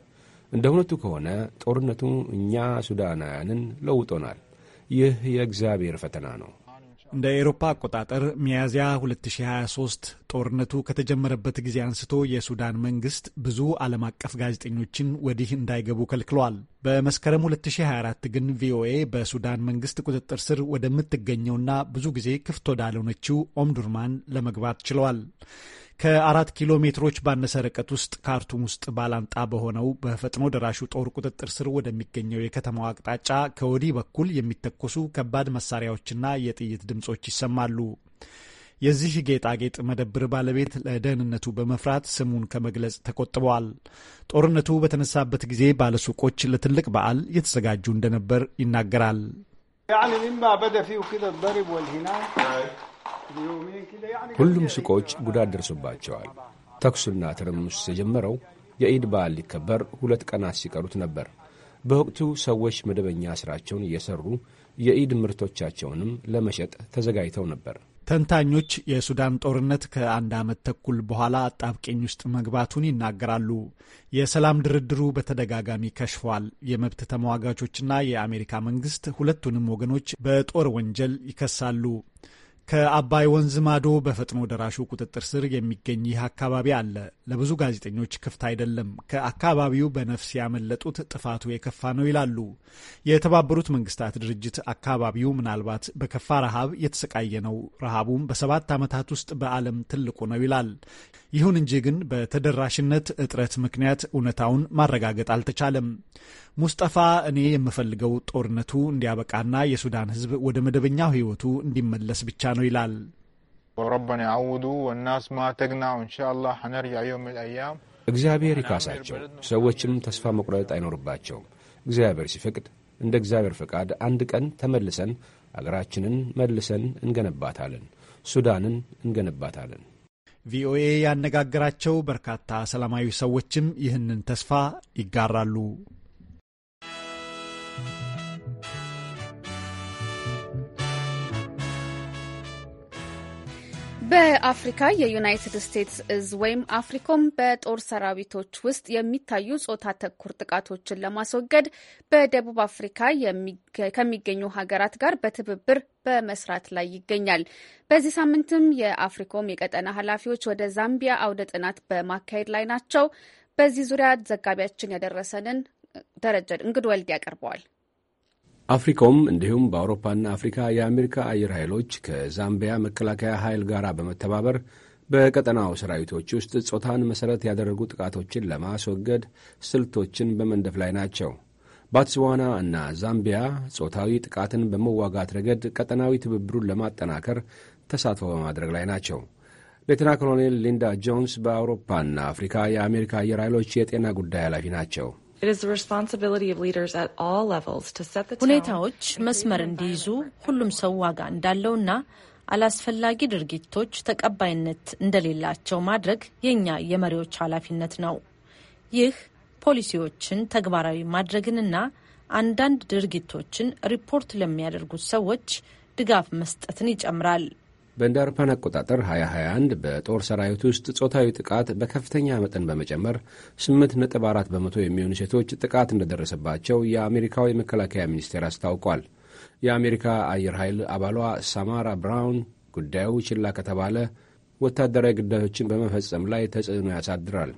እንደ እውነቱ ከሆነ ጦርነቱ እኛ ሱዳናውያንን ለውጦናል። ይህ የእግዚአብሔር ፈተና ነው። እንደ ኤሮፓ አቆጣጠር ሚያዝያ 2023 ጦርነቱ ከተጀመረበት ጊዜ አንስቶ የሱዳን መንግስት ብዙ ዓለም አቀፍ ጋዜጠኞችን ወዲህ እንዳይገቡ ከልክሏል። በመስከረም 2024 ግን ቪኦኤ በሱዳን መንግስት ቁጥጥር ስር ወደምትገኘውና ብዙ ጊዜ ክፍት ወዳልሆነችው ኦምዱርማን ለመግባት ችለዋል። ከአራት ኪሎ ሜትሮች ባነሰ ርቀት ውስጥ ካርቱም ውስጥ ባላንጣ በሆነው በፈጥኖ ደራሹ ጦር ቁጥጥር ስር ወደሚገኘው የከተማው አቅጣጫ ከወዲህ በኩል የሚተኮሱ ከባድ መሳሪያዎችና የጥይት ድምጾች ይሰማሉ። የዚህ ጌጣጌጥ መደብር ባለቤት ለደህንነቱ በመፍራት ስሙን ከመግለጽ ተቆጥበዋል። ጦርነቱ በተነሳበት ጊዜ ባለሱቆች ለትልቅ በዓል የተዘጋጁ እንደነበር ይናገራል። ሁሉም ሱቆች ጉዳት ደርሶባቸዋል። ተኩሱና ትርምሱ የጀመረው የኢድ በዓል ሊከበር ሁለት ቀናት ሲቀሩት ነበር። በወቅቱ ሰዎች መደበኛ ሥራቸውን እየሠሩ የኢድ ምርቶቻቸውንም ለመሸጥ ተዘጋጅተው ነበር። ተንታኞች የሱዳን ጦርነት ከአንድ ዓመት ተኩል በኋላ አጣብቂኝ ውስጥ መግባቱን ይናገራሉ። የሰላም ድርድሩ በተደጋጋሚ ከሽፏል። የመብት ተሟጋቾችና የአሜሪካ መንግሥት ሁለቱንም ወገኖች በጦር ወንጀል ይከሳሉ። ከአባይ ወንዝ ማዶ በፈጥኖ ደራሹ ቁጥጥር ስር የሚገኝ ይህ አካባቢ አለ። ለብዙ ጋዜጠኞች ክፍት አይደለም። ከአካባቢው በነፍስ ያመለጡት ጥፋቱ የከፋ ነው ይላሉ። የተባበሩት መንግስታት ድርጅት አካባቢው ምናልባት በከፋ ረሃብ የተሰቃየ ነው፣ ረሃቡም በሰባት ዓመታት ውስጥ በዓለም ትልቁ ነው ይላል። ይሁን እንጂ ግን በተደራሽነት እጥረት ምክንያት እውነታውን ማረጋገጥ አልተቻለም። ሙስጠፋ እኔ የምፈልገው ጦርነቱ እንዲያበቃና የሱዳን ሕዝብ ወደ መደበኛው ሕይወቱ እንዲመለስ ብቻ ነው ይላል። ረበና ያውዱ ወናስ ማተግና እንሻላ ሐነርጃ የውም ልአያም እግዚአብሔር ይካሳቸው። ሰዎችም ተስፋ መቁረጥ አይኖርባቸውም። እግዚአብሔር ሲፈቅድ እንደ እግዚአብሔር ፈቃድ አንድ ቀን ተመልሰን አገራችንን መልሰን እንገነባታለን። ሱዳንን እንገነባታለን። ቪኦኤ ያነጋገራቸው በርካታ ሰላማዊ ሰዎችም ይህንን ተስፋ ይጋራሉ። በአፍሪካ የዩናይትድ ስቴትስ እዝ ወይም አፍሪኮም በጦር ሰራዊቶች ውስጥ የሚታዩ ጾታ ተኩር ጥቃቶችን ለማስወገድ በደቡብ አፍሪካ ከሚገኙ ሀገራት ጋር በትብብር በመስራት ላይ ይገኛል። በዚህ ሳምንትም የአፍሪኮም የቀጠና ኃላፊዎች ወደ ዛምቢያ አውደ ጥናት በማካሄድ ላይ ናቸው። በዚህ ዙሪያ ዘጋቢያችን ያደረሰንን ደረጀ እንግድ ወልድ ያቀርበዋል። አፍሪኮም እንዲሁም በአውሮፓና አፍሪካ የአሜሪካ አየር ኃይሎች ከዛምቢያ መከላከያ ኃይል ጋር በመተባበር በቀጠናው ሰራዊቶች ውስጥ ጾታን መሠረት ያደረጉ ጥቃቶችን ለማስወገድ ስልቶችን በመንደፍ ላይ ናቸው። ባትስዋና እና ዛምቢያ ጾታዊ ጥቃትን በመዋጋት ረገድ ቀጠናዊ ትብብሩን ለማጠናከር ተሳትፎ በማድረግ ላይ ናቸው። ሌተና ኮሎኔል ሊንዳ ጆንስ በአውሮፓና አፍሪካ የአሜሪካ አየር ኃይሎች የጤና ጉዳይ ኃላፊ ናቸው። ሁኔታዎች መስመር እንዲይዙ ሁሉም ሰው ዋጋ እንዳለውና አላስፈላጊ ድርጊቶች ተቀባይነት እንደሌላቸው ማድረግ የእኛ የመሪዎች ኃላፊነት ነው። ይህ ፖሊሲዎችን ተግባራዊ ማድረግንና አንዳንድ ድርጊቶችን ሪፖርት ለሚያደርጉት ሰዎች ድጋፍ መስጠትን ይጨምራል። በእንደ አውሮፓን አቆጣጠር 2021 በጦር ሰራዊት ውስጥ ጾታዊ ጥቃት በከፍተኛ መጠን በመጨመር 8.4 በመቶ የሚሆኑ ሴቶች ጥቃት እንደደረሰባቸው የአሜሪካው የመከላከያ ሚኒስቴር አስታውቋል። የአሜሪካ አየር ኃይል አባሏ ሳማራ ብራውን ጉዳዩ ችላ ከተባለ ወታደራዊ ግዳዮችን በመፈጸም ላይ ተጽዕኖ ያሳድራል።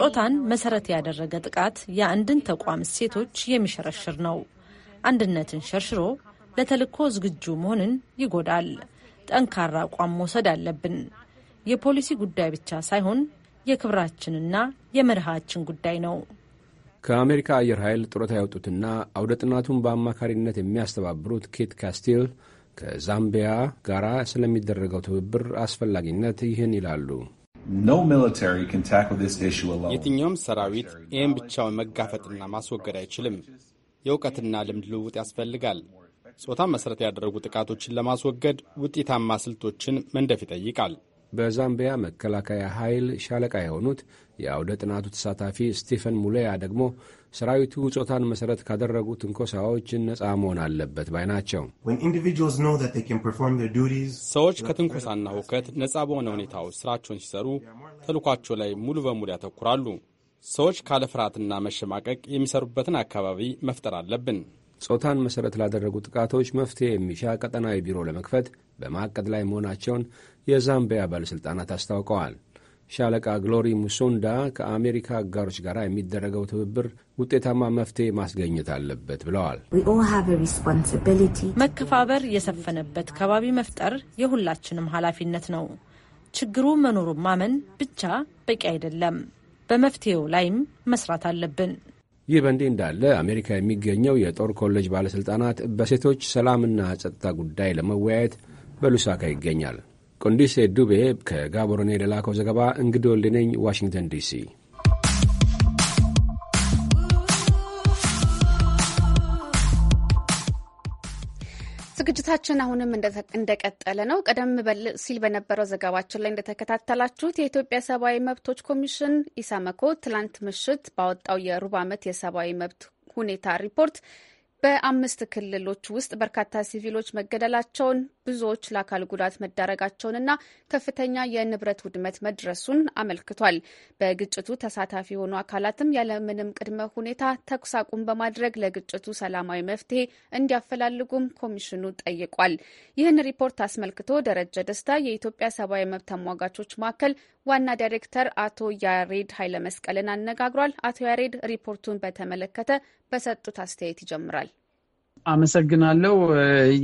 ጾታን መሰረት ያደረገ ጥቃት የአንድን ተቋም እሴቶች የሚሸረሽር ነው። አንድነትን ሸርሽሮ ለተልእኮ ዝግጁ መሆንን ይጎዳል። ጠንካራ አቋም መውሰድ አለብን። የፖሊሲ ጉዳይ ብቻ ሳይሆን የክብራችንና የመርሃችን ጉዳይ ነው። ከአሜሪካ አየር ኃይል ጡረታ ያወጡትና አውደ ጥናቱን በአማካሪነት የሚያስተባብሩት ኬት ካስቲል ከዛምቢያ ጋር ስለሚደረገው ትብብር አስፈላጊነት ይህን ይላሉ። የትኛውም ሰራዊት ይህን ብቻውን መጋፈጥና ማስወገድ አይችልም። የእውቀትና ልምድ ልውውጥ ያስፈልጋል። ጾታን መሰረት ያደረጉ ጥቃቶችን ለማስወገድ ውጤታማ ስልቶችን መንደፍ ይጠይቃል። በዛምቢያ መከላከያ ኃይል ሻለቃ የሆኑት የአውደ ጥናቱ ተሳታፊ ስቲፈን ሙሌያ ደግሞ ሰራዊቱ ጾታን መሰረት ካደረጉ ትንኮሳዎች ነፃ መሆን አለበት ባይ ናቸው። ሰዎች ከትንኮሳና ሁከት ነፃ በሆነ ሁኔታ ስራቸውን ሲሰሩ ተልኳቸው ላይ ሙሉ በሙሉ ያተኩራሉ። ሰዎች ካለ ፍርሃትና መሸማቀቅ የሚሰሩበትን አካባቢ መፍጠር አለብን። ጾታን መሠረት ላደረጉ ጥቃቶች መፍትሄ የሚሻ ቀጠናዊ ቢሮ ለመክፈት በማቀድ ላይ መሆናቸውን የዛምቢያ ባለሥልጣናት አስታውቀዋል። ሻለቃ ግሎሪ ሙሶንዳ ከአሜሪካ አጋሮች ጋር የሚደረገው ትብብር ውጤታማ መፍትሄ ማስገኘት አለበት ብለዋል። መከፋበር የሰፈነበት ከባቢ መፍጠር የሁላችንም ኃላፊነት ነው። ችግሩ መኖሩን ማመን ብቻ በቂ አይደለም። በመፍትሄው ላይም መስራት አለብን። ይህ በእንዲህ እንዳለ አሜሪካ የሚገኘው የጦር ኮሌጅ ባለሥልጣናት በሴቶች ሰላምና ጸጥታ ጉዳይ ለመወያየት በሉሳካ ይገኛል። ቆንዲሴ ዱቤ ከጋቦሮኔ ለላከው ዘገባ እንግዶ ወልዴ ዋሽንግተን ዲሲ ዝግጅታችን አሁንም እንደቀጠለ ነው። ቀደም ሲል በነበረው ዘገባችን ላይ እንደተከታተላችሁት የኢትዮጵያ ሰብአዊ መብቶች ኮሚሽን ኢሰመኮ ትላንት ምሽት ባወጣው የሩብ ዓመት የሰብአዊ መብት ሁኔታ ሪፖርት በአምስት ክልሎች ውስጥ በርካታ ሲቪሎች መገደላቸውን ብዙዎች ለአካል ጉዳት መዳረጋቸውንና ከፍተኛ የንብረት ውድመት መድረሱን አመልክቷል። በግጭቱ ተሳታፊ የሆኑ አካላትም ያለምንም ቅድመ ሁኔታ ተኩስ አቁም በማድረግ ለግጭቱ ሰላማዊ መፍትሄ እንዲያፈላልጉም ኮሚሽኑ ጠይቋል። ይህን ሪፖርት አስመልክቶ ደረጀ ደስታ የኢትዮጵያ ሰብአዊ መብት ተሟጋቾች ማዕከል ዋና ዳይሬክተር አቶ ያሬድ ኃይለ መስቀልን አነጋግሯል። አቶ ያሬድ ሪፖርቱን በተመለከተ በሰጡት አስተያየት ይጀምራል። አመሰግናለሁ።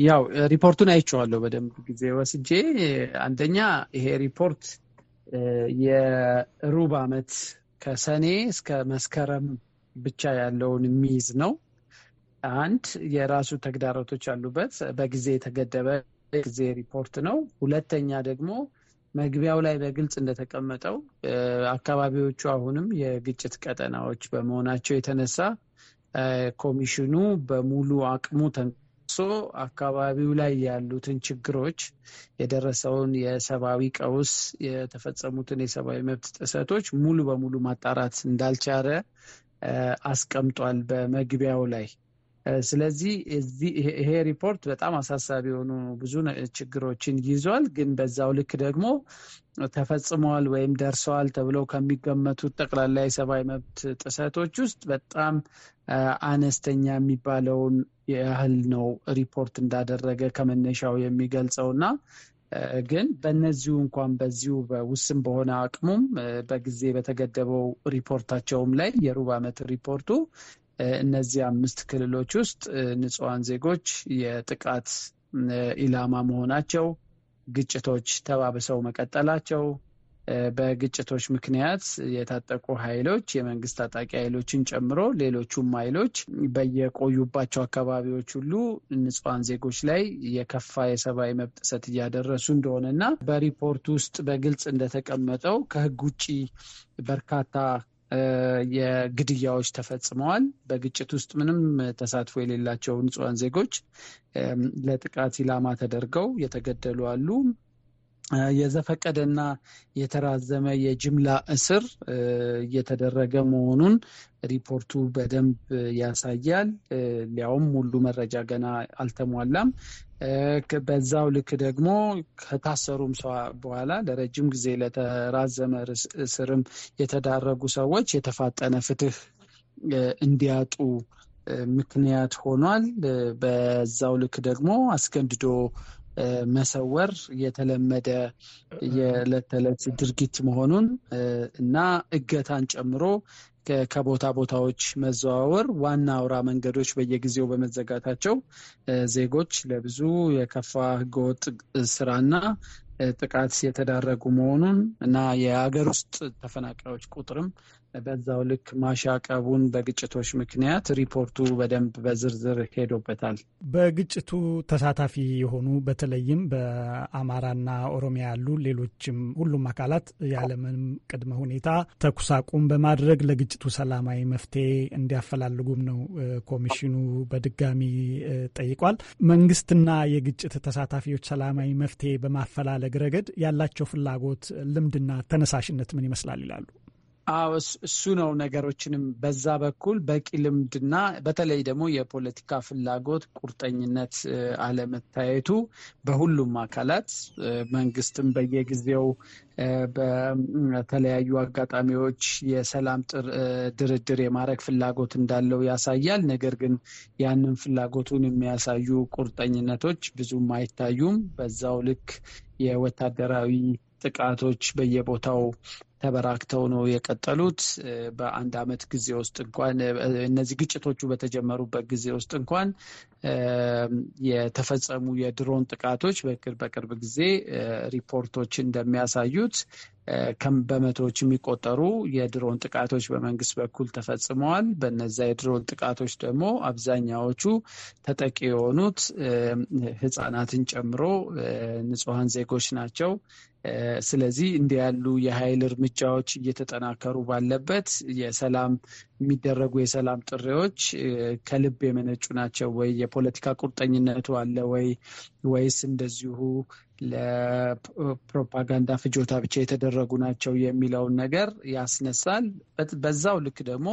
ያው ሪፖርቱን አይቼዋለሁ በደንብ ጊዜ ወስጄ። አንደኛ ይሄ ሪፖርት የሩብ ዓመት ከሰኔ እስከ መስከረም ብቻ ያለውን የሚይዝ ነው። አንድ የራሱ ተግዳሮቶች አሉበት። በጊዜ የተገደበ ጊዜ ሪፖርት ነው። ሁለተኛ ደግሞ መግቢያው ላይ በግልጽ እንደተቀመጠው አካባቢዎቹ አሁንም የግጭት ቀጠናዎች በመሆናቸው የተነሳ ኮሚሽኑ በሙሉ አቅሙ ተንቀሶ አካባቢው ላይ ያሉትን ችግሮች፣ የደረሰውን የሰብአዊ ቀውስ፣ የተፈጸሙትን የሰብአዊ መብት ጥሰቶች ሙሉ በሙሉ ማጣራት እንዳልቻለ አስቀምጧል በመግቢያው ላይ። ስለዚህ ይሄ ሪፖርት በጣም አሳሳቢ የሆኑ ብዙ ችግሮችን ይዟል። ግን በዛው ልክ ደግሞ ተፈጽመዋል ወይም ደርሰዋል ተብለው ከሚገመቱት ጠቅላላ የሰብአዊ መብት ጥሰቶች ውስጥ በጣም አነስተኛ የሚባለውን ያህል ነው ሪፖርት እንዳደረገ ከመነሻው የሚገልጸውና ግን በነዚሁ እንኳን በዚሁ በውስን በሆነ አቅሙም በጊዜ በተገደበው ሪፖርታቸውም ላይ የሩብ ዓመት ሪፖርቱ እነዚህ አምስት ክልሎች ውስጥ ንጹሐን ዜጎች የጥቃት ኢላማ መሆናቸው፣ ግጭቶች ተባብሰው መቀጠላቸው፣ በግጭቶች ምክንያት የታጠቁ ኃይሎች የመንግስት ታጣቂ ኃይሎችን ጨምሮ ሌሎቹም ኃይሎች በየቆዩባቸው አካባቢዎች ሁሉ ንጹሐን ዜጎች ላይ የከፋ የሰብአዊ መብት ጥሰት እያደረሱ እንደሆነ በሪፖርት ውስጥ በግልጽ እንደተቀመጠው ከህግ ውጭ በርካታ የግድያዎች ተፈጽመዋል። በግጭት ውስጥ ምንም ተሳትፎ የሌላቸው ንጹሐን ዜጎች ለጥቃት ኢላማ ተደርገው የተገደሉ አሉ። የዘፈቀደና የተራዘመ የጅምላ እስር እየተደረገ መሆኑን ሪፖርቱ በደንብ ያሳያል። ሊያውም ሙሉ መረጃ ገና አልተሟላም። በዛው ልክ ደግሞ ከታሰሩም ሰው በኋላ ለረጅም ጊዜ ለተራዘመ እስርም የተዳረጉ ሰዎች የተፋጠነ ፍትህ እንዲያጡ ምክንያት ሆኗል። በዛው ልክ ደግሞ አስገንድዶ መሰወር የተለመደ የዕለት ተዕለት ድርጊት መሆኑን እና እገታን ጨምሮ ከቦታ ቦታዎች መዘዋወር ዋና አውራ መንገዶች በየጊዜው በመዘጋታቸው ዜጎች ለብዙ የከፋ ህገወጥ ስራና ጥቃት የተዳረጉ መሆኑን እና የሀገር ውስጥ ተፈናቃዮች ቁጥርም በዛው ልክ ማሻቀቡን በግጭቶች ምክንያት ሪፖርቱ በደንብ በዝርዝር ሄዶበታል። በግጭቱ ተሳታፊ የሆኑ በተለይም በአማራና ኦሮሚያ ያሉ ሌሎችም ሁሉም አካላት ያለምንም ቅድመ ሁኔታ ተኩስ አቁም በማድረግ ለግጭቱ ሰላማዊ መፍትሄ እንዲያፈላልጉም ነው ኮሚሽኑ በድጋሚ ጠይቋል። መንግስትና የግጭት ተሳታፊዎች ሰላማዊ መፍትሄ በማፈላለግ ረገድ ያላቸው ፍላጎት፣ ልምድና ተነሳሽነት ምን ይመስላል ይላሉ? አዎ እሱ ነው። ነገሮችንም በዛ በኩል በቂ ልምድና በተለይ ደግሞ የፖለቲካ ፍላጎት ቁርጠኝነት አለመታየቱ በሁሉም አካላት መንግስትም በየጊዜው በተለያዩ አጋጣሚዎች የሰላም ድርድር የማድረግ ፍላጎት እንዳለው ያሳያል። ነገር ግን ያንን ፍላጎቱን የሚያሳዩ ቁርጠኝነቶች ብዙም አይታዩም። በዛው ልክ የወታደራዊ ጥቃቶች በየቦታው ተበራክተው ነው የቀጠሉት። በአንድ ዓመት ጊዜ ውስጥ እንኳን እነዚህ ግጭቶቹ በተጀመሩበት ጊዜ ውስጥ እንኳን የተፈጸሙ የድሮን ጥቃቶች በቅርብ ጊዜ ሪፖርቶች እንደሚያሳዩት በመቶዎች የሚቆጠሩ የድሮን ጥቃቶች በመንግስት በኩል ተፈጽመዋል። በነዛ የድሮን ጥቃቶች ደግሞ አብዛኛዎቹ ተጠቂ የሆኑት ህጻናትን ጨምሮ ንጹሐን ዜጎች ናቸው። ስለዚህ እንዲህ ያሉ የኃይል እርምጃዎች እየተጠናከሩ ባለበት የሰላም የሚደረጉ የሰላም ጥሪዎች ከልብ የመነጩ ናቸው ወይ? የፖለቲካ ቁርጠኝነቱ አለ ወይ? ወይስ እንደዚሁ ለፕሮፓጋንዳ ፍጆታ ብቻ የተደረጉ ናቸው የሚለውን ነገር ያስነሳል። በዛው ልክ ደግሞ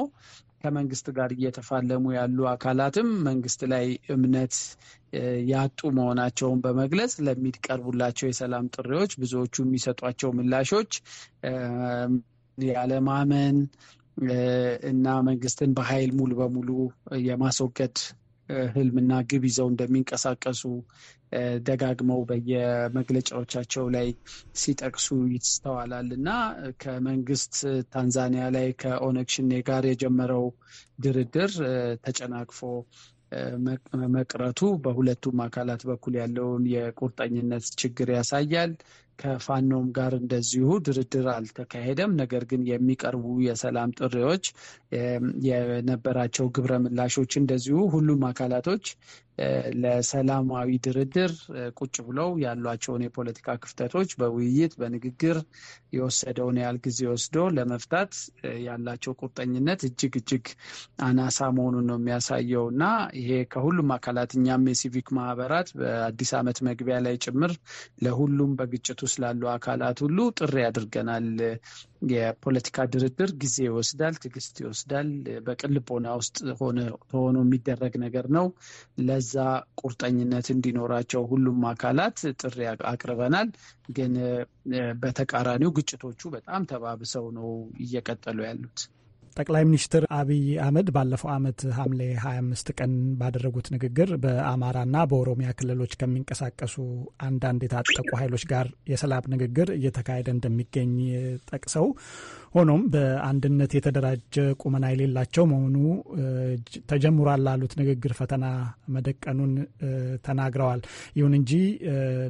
ከመንግስት ጋር እየተፋለሙ ያሉ አካላትም መንግስት ላይ እምነት ያጡ መሆናቸውን በመግለጽ ለሚቀርቡላቸው የሰላም ጥሪዎች ብዙዎቹ የሚሰጧቸው ምላሾች ያለማመን እና መንግስትን በኃይል ሙሉ በሙሉ የማስወገድ ህልምና ግብ ይዘው እንደሚንቀሳቀሱ ደጋግመው በየመግለጫዎቻቸው ላይ ሲጠቅሱ ይስተዋላል እና ከመንግስት ታንዛኒያ ላይ ከኦነግ ሽኔ ጋር የጀመረው ድርድር ተጨናቅፎ መቅረቱ በሁለቱም አካላት በኩል ያለውን የቁርጠኝነት ችግር ያሳያል። ከፋኖም ጋር እንደዚሁ ድርድር አልተካሄደም። ነገር ግን የሚቀርቡ የሰላም ጥሪዎች የነበራቸው ግብረ ምላሾች እንደዚሁ ሁሉም አካላቶች ለሰላማዊ ድርድር ቁጭ ብለው ያሏቸውን የፖለቲካ ክፍተቶች በውይይት በንግግር የወሰደውን ያህል ጊዜ ወስዶ ለመፍታት ያላቸው ቁርጠኝነት እጅግ እጅግ አናሳ መሆኑን ነው የሚያሳየው እና ይሄ ከሁሉም አካላት እኛም የሲቪክ ማህበራት በአዲስ ዓመት መግቢያ ላይ ጭምር ለሁሉም በግጭት ውስጥ ላሉ አካላት ሁሉ ጥሪ አድርገናል። የፖለቲካ ድርድር ጊዜ ይወስዳል፣ ትዕግስት ይወስዳል። በቅን ልቦና ውስጥ ሆኖ የሚደረግ ነገር ነው። ለዛ ቁርጠኝነት እንዲኖራቸው ሁሉም አካላት ጥሪ አቅርበናል። ግን በተቃራኒው ግጭቶቹ በጣም ተባብሰው ነው እየቀጠሉ ያሉት። ጠቅላይ ሚኒስትር አብይ አህመድ ባለፈው ዓመት ሐምሌ 25 ቀን ባደረጉት ንግግር በአማራና በኦሮሚያ ክልሎች ከሚንቀሳቀሱ አንዳንድ የታጠቁ ኃይሎች ጋር የሰላም ንግግር እየተካሄደ እንደሚገኝ ጠቅሰው ሆኖም በአንድነት የተደራጀ ቁመና የሌላቸው መሆኑ ተጀምሯል ላሉት ንግግር ፈተና መደቀኑን ተናግረዋል። ይሁን እንጂ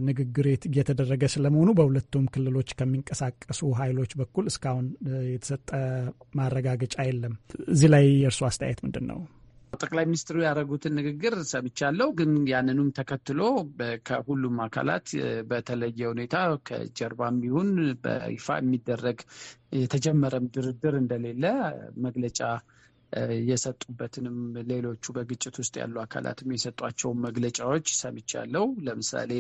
ንግግር እየተደረገ ስለመሆኑ በሁለቱም ክልሎች ከሚንቀሳቀሱ ኃይሎች በኩል እስካሁን የተሰጠ ማረጋገጫ የለም። እዚህ ላይ የእርሱ አስተያየት ምንድን ነው? ጠቅላይ ሚኒስትሩ ያደረጉትን ንግግር ሰምቻለሁ። ግን ያንንም ተከትሎ ከሁሉም አካላት በተለየ ሁኔታ ከጀርባም ይሁን በይፋ የሚደረግ የተጀመረም ድርድር እንደሌለ መግለጫ የሰጡበትንም ሌሎቹ በግጭት ውስጥ ያሉ አካላትም የሰጧቸውን መግለጫዎች ሰምቻለሁ። ለምሳሌ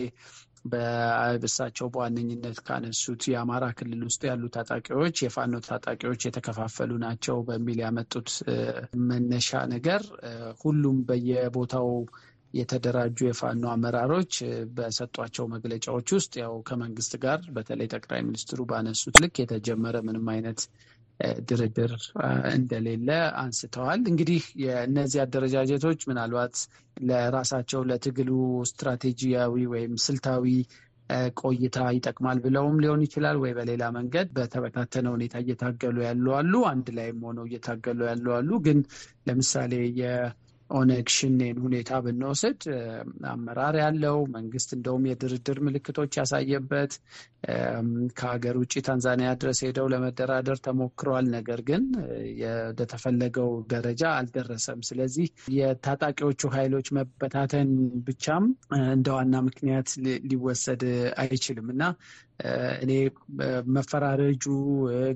በእሳቸው በዋነኝነት ካነሱት የአማራ ክልል ውስጥ ያሉ ታጣቂዎች የፋኖ ታጣቂዎች የተከፋፈሉ ናቸው በሚል ያመጡት መነሻ ነገር ሁሉም በየቦታው የተደራጁ የፋኖ አመራሮች በሰጧቸው መግለጫዎች ውስጥ ያው ከመንግስት ጋር በተለይ ጠቅላይ ሚኒስትሩ ባነሱት ልክ የተጀመረ ምንም አይነት ድርድር እንደሌለ አንስተዋል። እንግዲህ የእነዚህ አደረጃጀቶች ምናልባት ለራሳቸው ለትግሉ ስትራቴጂያዊ ወይም ስልታዊ ቆይታ ይጠቅማል ብለውም ሊሆን ይችላል ወይ በሌላ መንገድ በተበታተነ ሁኔታ እየታገሉ ያሉ አሉ፣ አንድ ላይም ሆነው እየታገሉ ያሉ አሉ። ግን ለምሳሌ ኦነግ ሽኔን ሁኔታ ብንወስድ አመራር ያለው መንግስት እንደውም የድርድር ምልክቶች ያሳየበት ከሀገር ውጭ ታንዛኒያ ድረስ ሄደው ለመደራደር ተሞክሯል። ነገር ግን ወደተፈለገው ደረጃ አልደረሰም። ስለዚህ የታጣቂዎቹ ኃይሎች መበታተን ብቻም እንደ ዋና ምክንያት ሊወሰድ አይችልም እና እኔ መፈራረጁ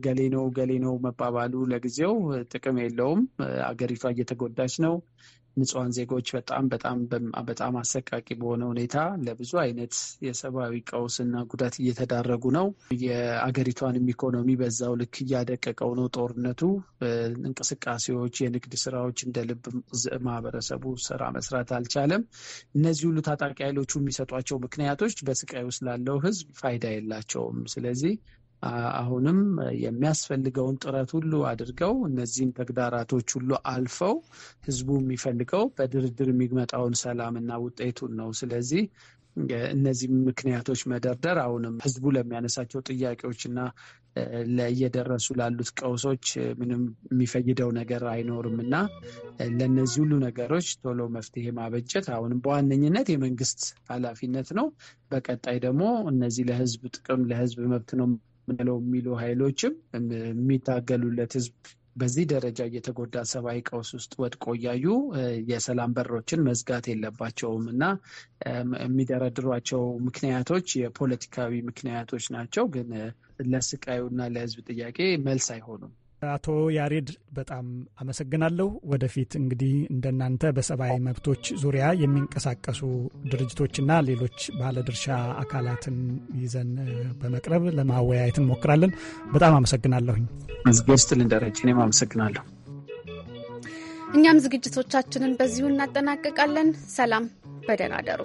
ገሌ ነው ገሌ ነው መባባሉ ለጊዜው ጥቅም የለውም። አገሪቷ እየተጎዳች ነው። ንጹሐን ዜጎች በጣም በጣም በጣም አሰቃቂ በሆነ ሁኔታ ለብዙ አይነት የሰብአዊ ቀውስና ጉዳት እየተዳረጉ ነው። የአገሪቷንም ኢኮኖሚ በዛው ልክ እያደቀቀው ነው ጦርነቱ። እንቅስቃሴዎች፣ የንግድ ስራዎች እንደ ልብ ማህበረሰቡ ስራ መስራት አልቻለም። እነዚህ ሁሉ ታጣቂ ኃይሎቹ የሚሰጧቸው ምክንያቶች በስቃይ ውስጥ ላለው ህዝብ ፋይዳ የላቸውም። ስለዚህ አሁንም የሚያስፈልገውን ጥረት ሁሉ አድርገው እነዚህን ተግዳራቶች ሁሉ አልፈው ህዝቡ የሚፈልገው በድርድር የሚመጣውን ሰላምና ውጤቱን ነው። ስለዚህ እነዚህ ምክንያቶች መደርደር አሁንም ህዝቡ ለሚያነሳቸው ጥያቄዎችና ለየደረሱ ላሉት ቀውሶች ምንም የሚፈይደው ነገር አይኖርም እና ለእነዚህ ሁሉ ነገሮች ቶሎ መፍትሄ ማበጀት አሁንም በዋነኝነት የመንግስት ኃላፊነት ነው። በቀጣይ ደግሞ እነዚህ ለህዝብ ጥቅም ለህዝብ መብት ነው ምንለው የሚሉ ኃይሎችም የሚታገሉለት ህዝብ በዚህ ደረጃ እየተጎዳ ሰብአዊ ቀውስ ውስጥ ወድቆ እያዩ የሰላም በሮችን መዝጋት የለባቸውም እና የሚደረድሯቸው ምክንያቶች የፖለቲካዊ ምክንያቶች ናቸው፣ ግን እና ለህዝብ ጥያቄ መልስ አይሆኑም። አቶ ያሬድ በጣም አመሰግናለሁ። ወደፊት እንግዲህ እንደናንተ በሰብአዊ መብቶች ዙሪያ የሚንቀሳቀሱ ድርጅቶችና ሌሎች ባለድርሻ አካላትን ይዘን በመቅረብ ለማወያየት እንሞክራለን። በጣም አመሰግናለሁኝ። እዚህ ልንደረጅ እኔም አመሰግናለሁ። እኛም ዝግጅቶቻችንን በዚሁ እናጠናቀቃለን ሰላም፣ በደህና አደሩ።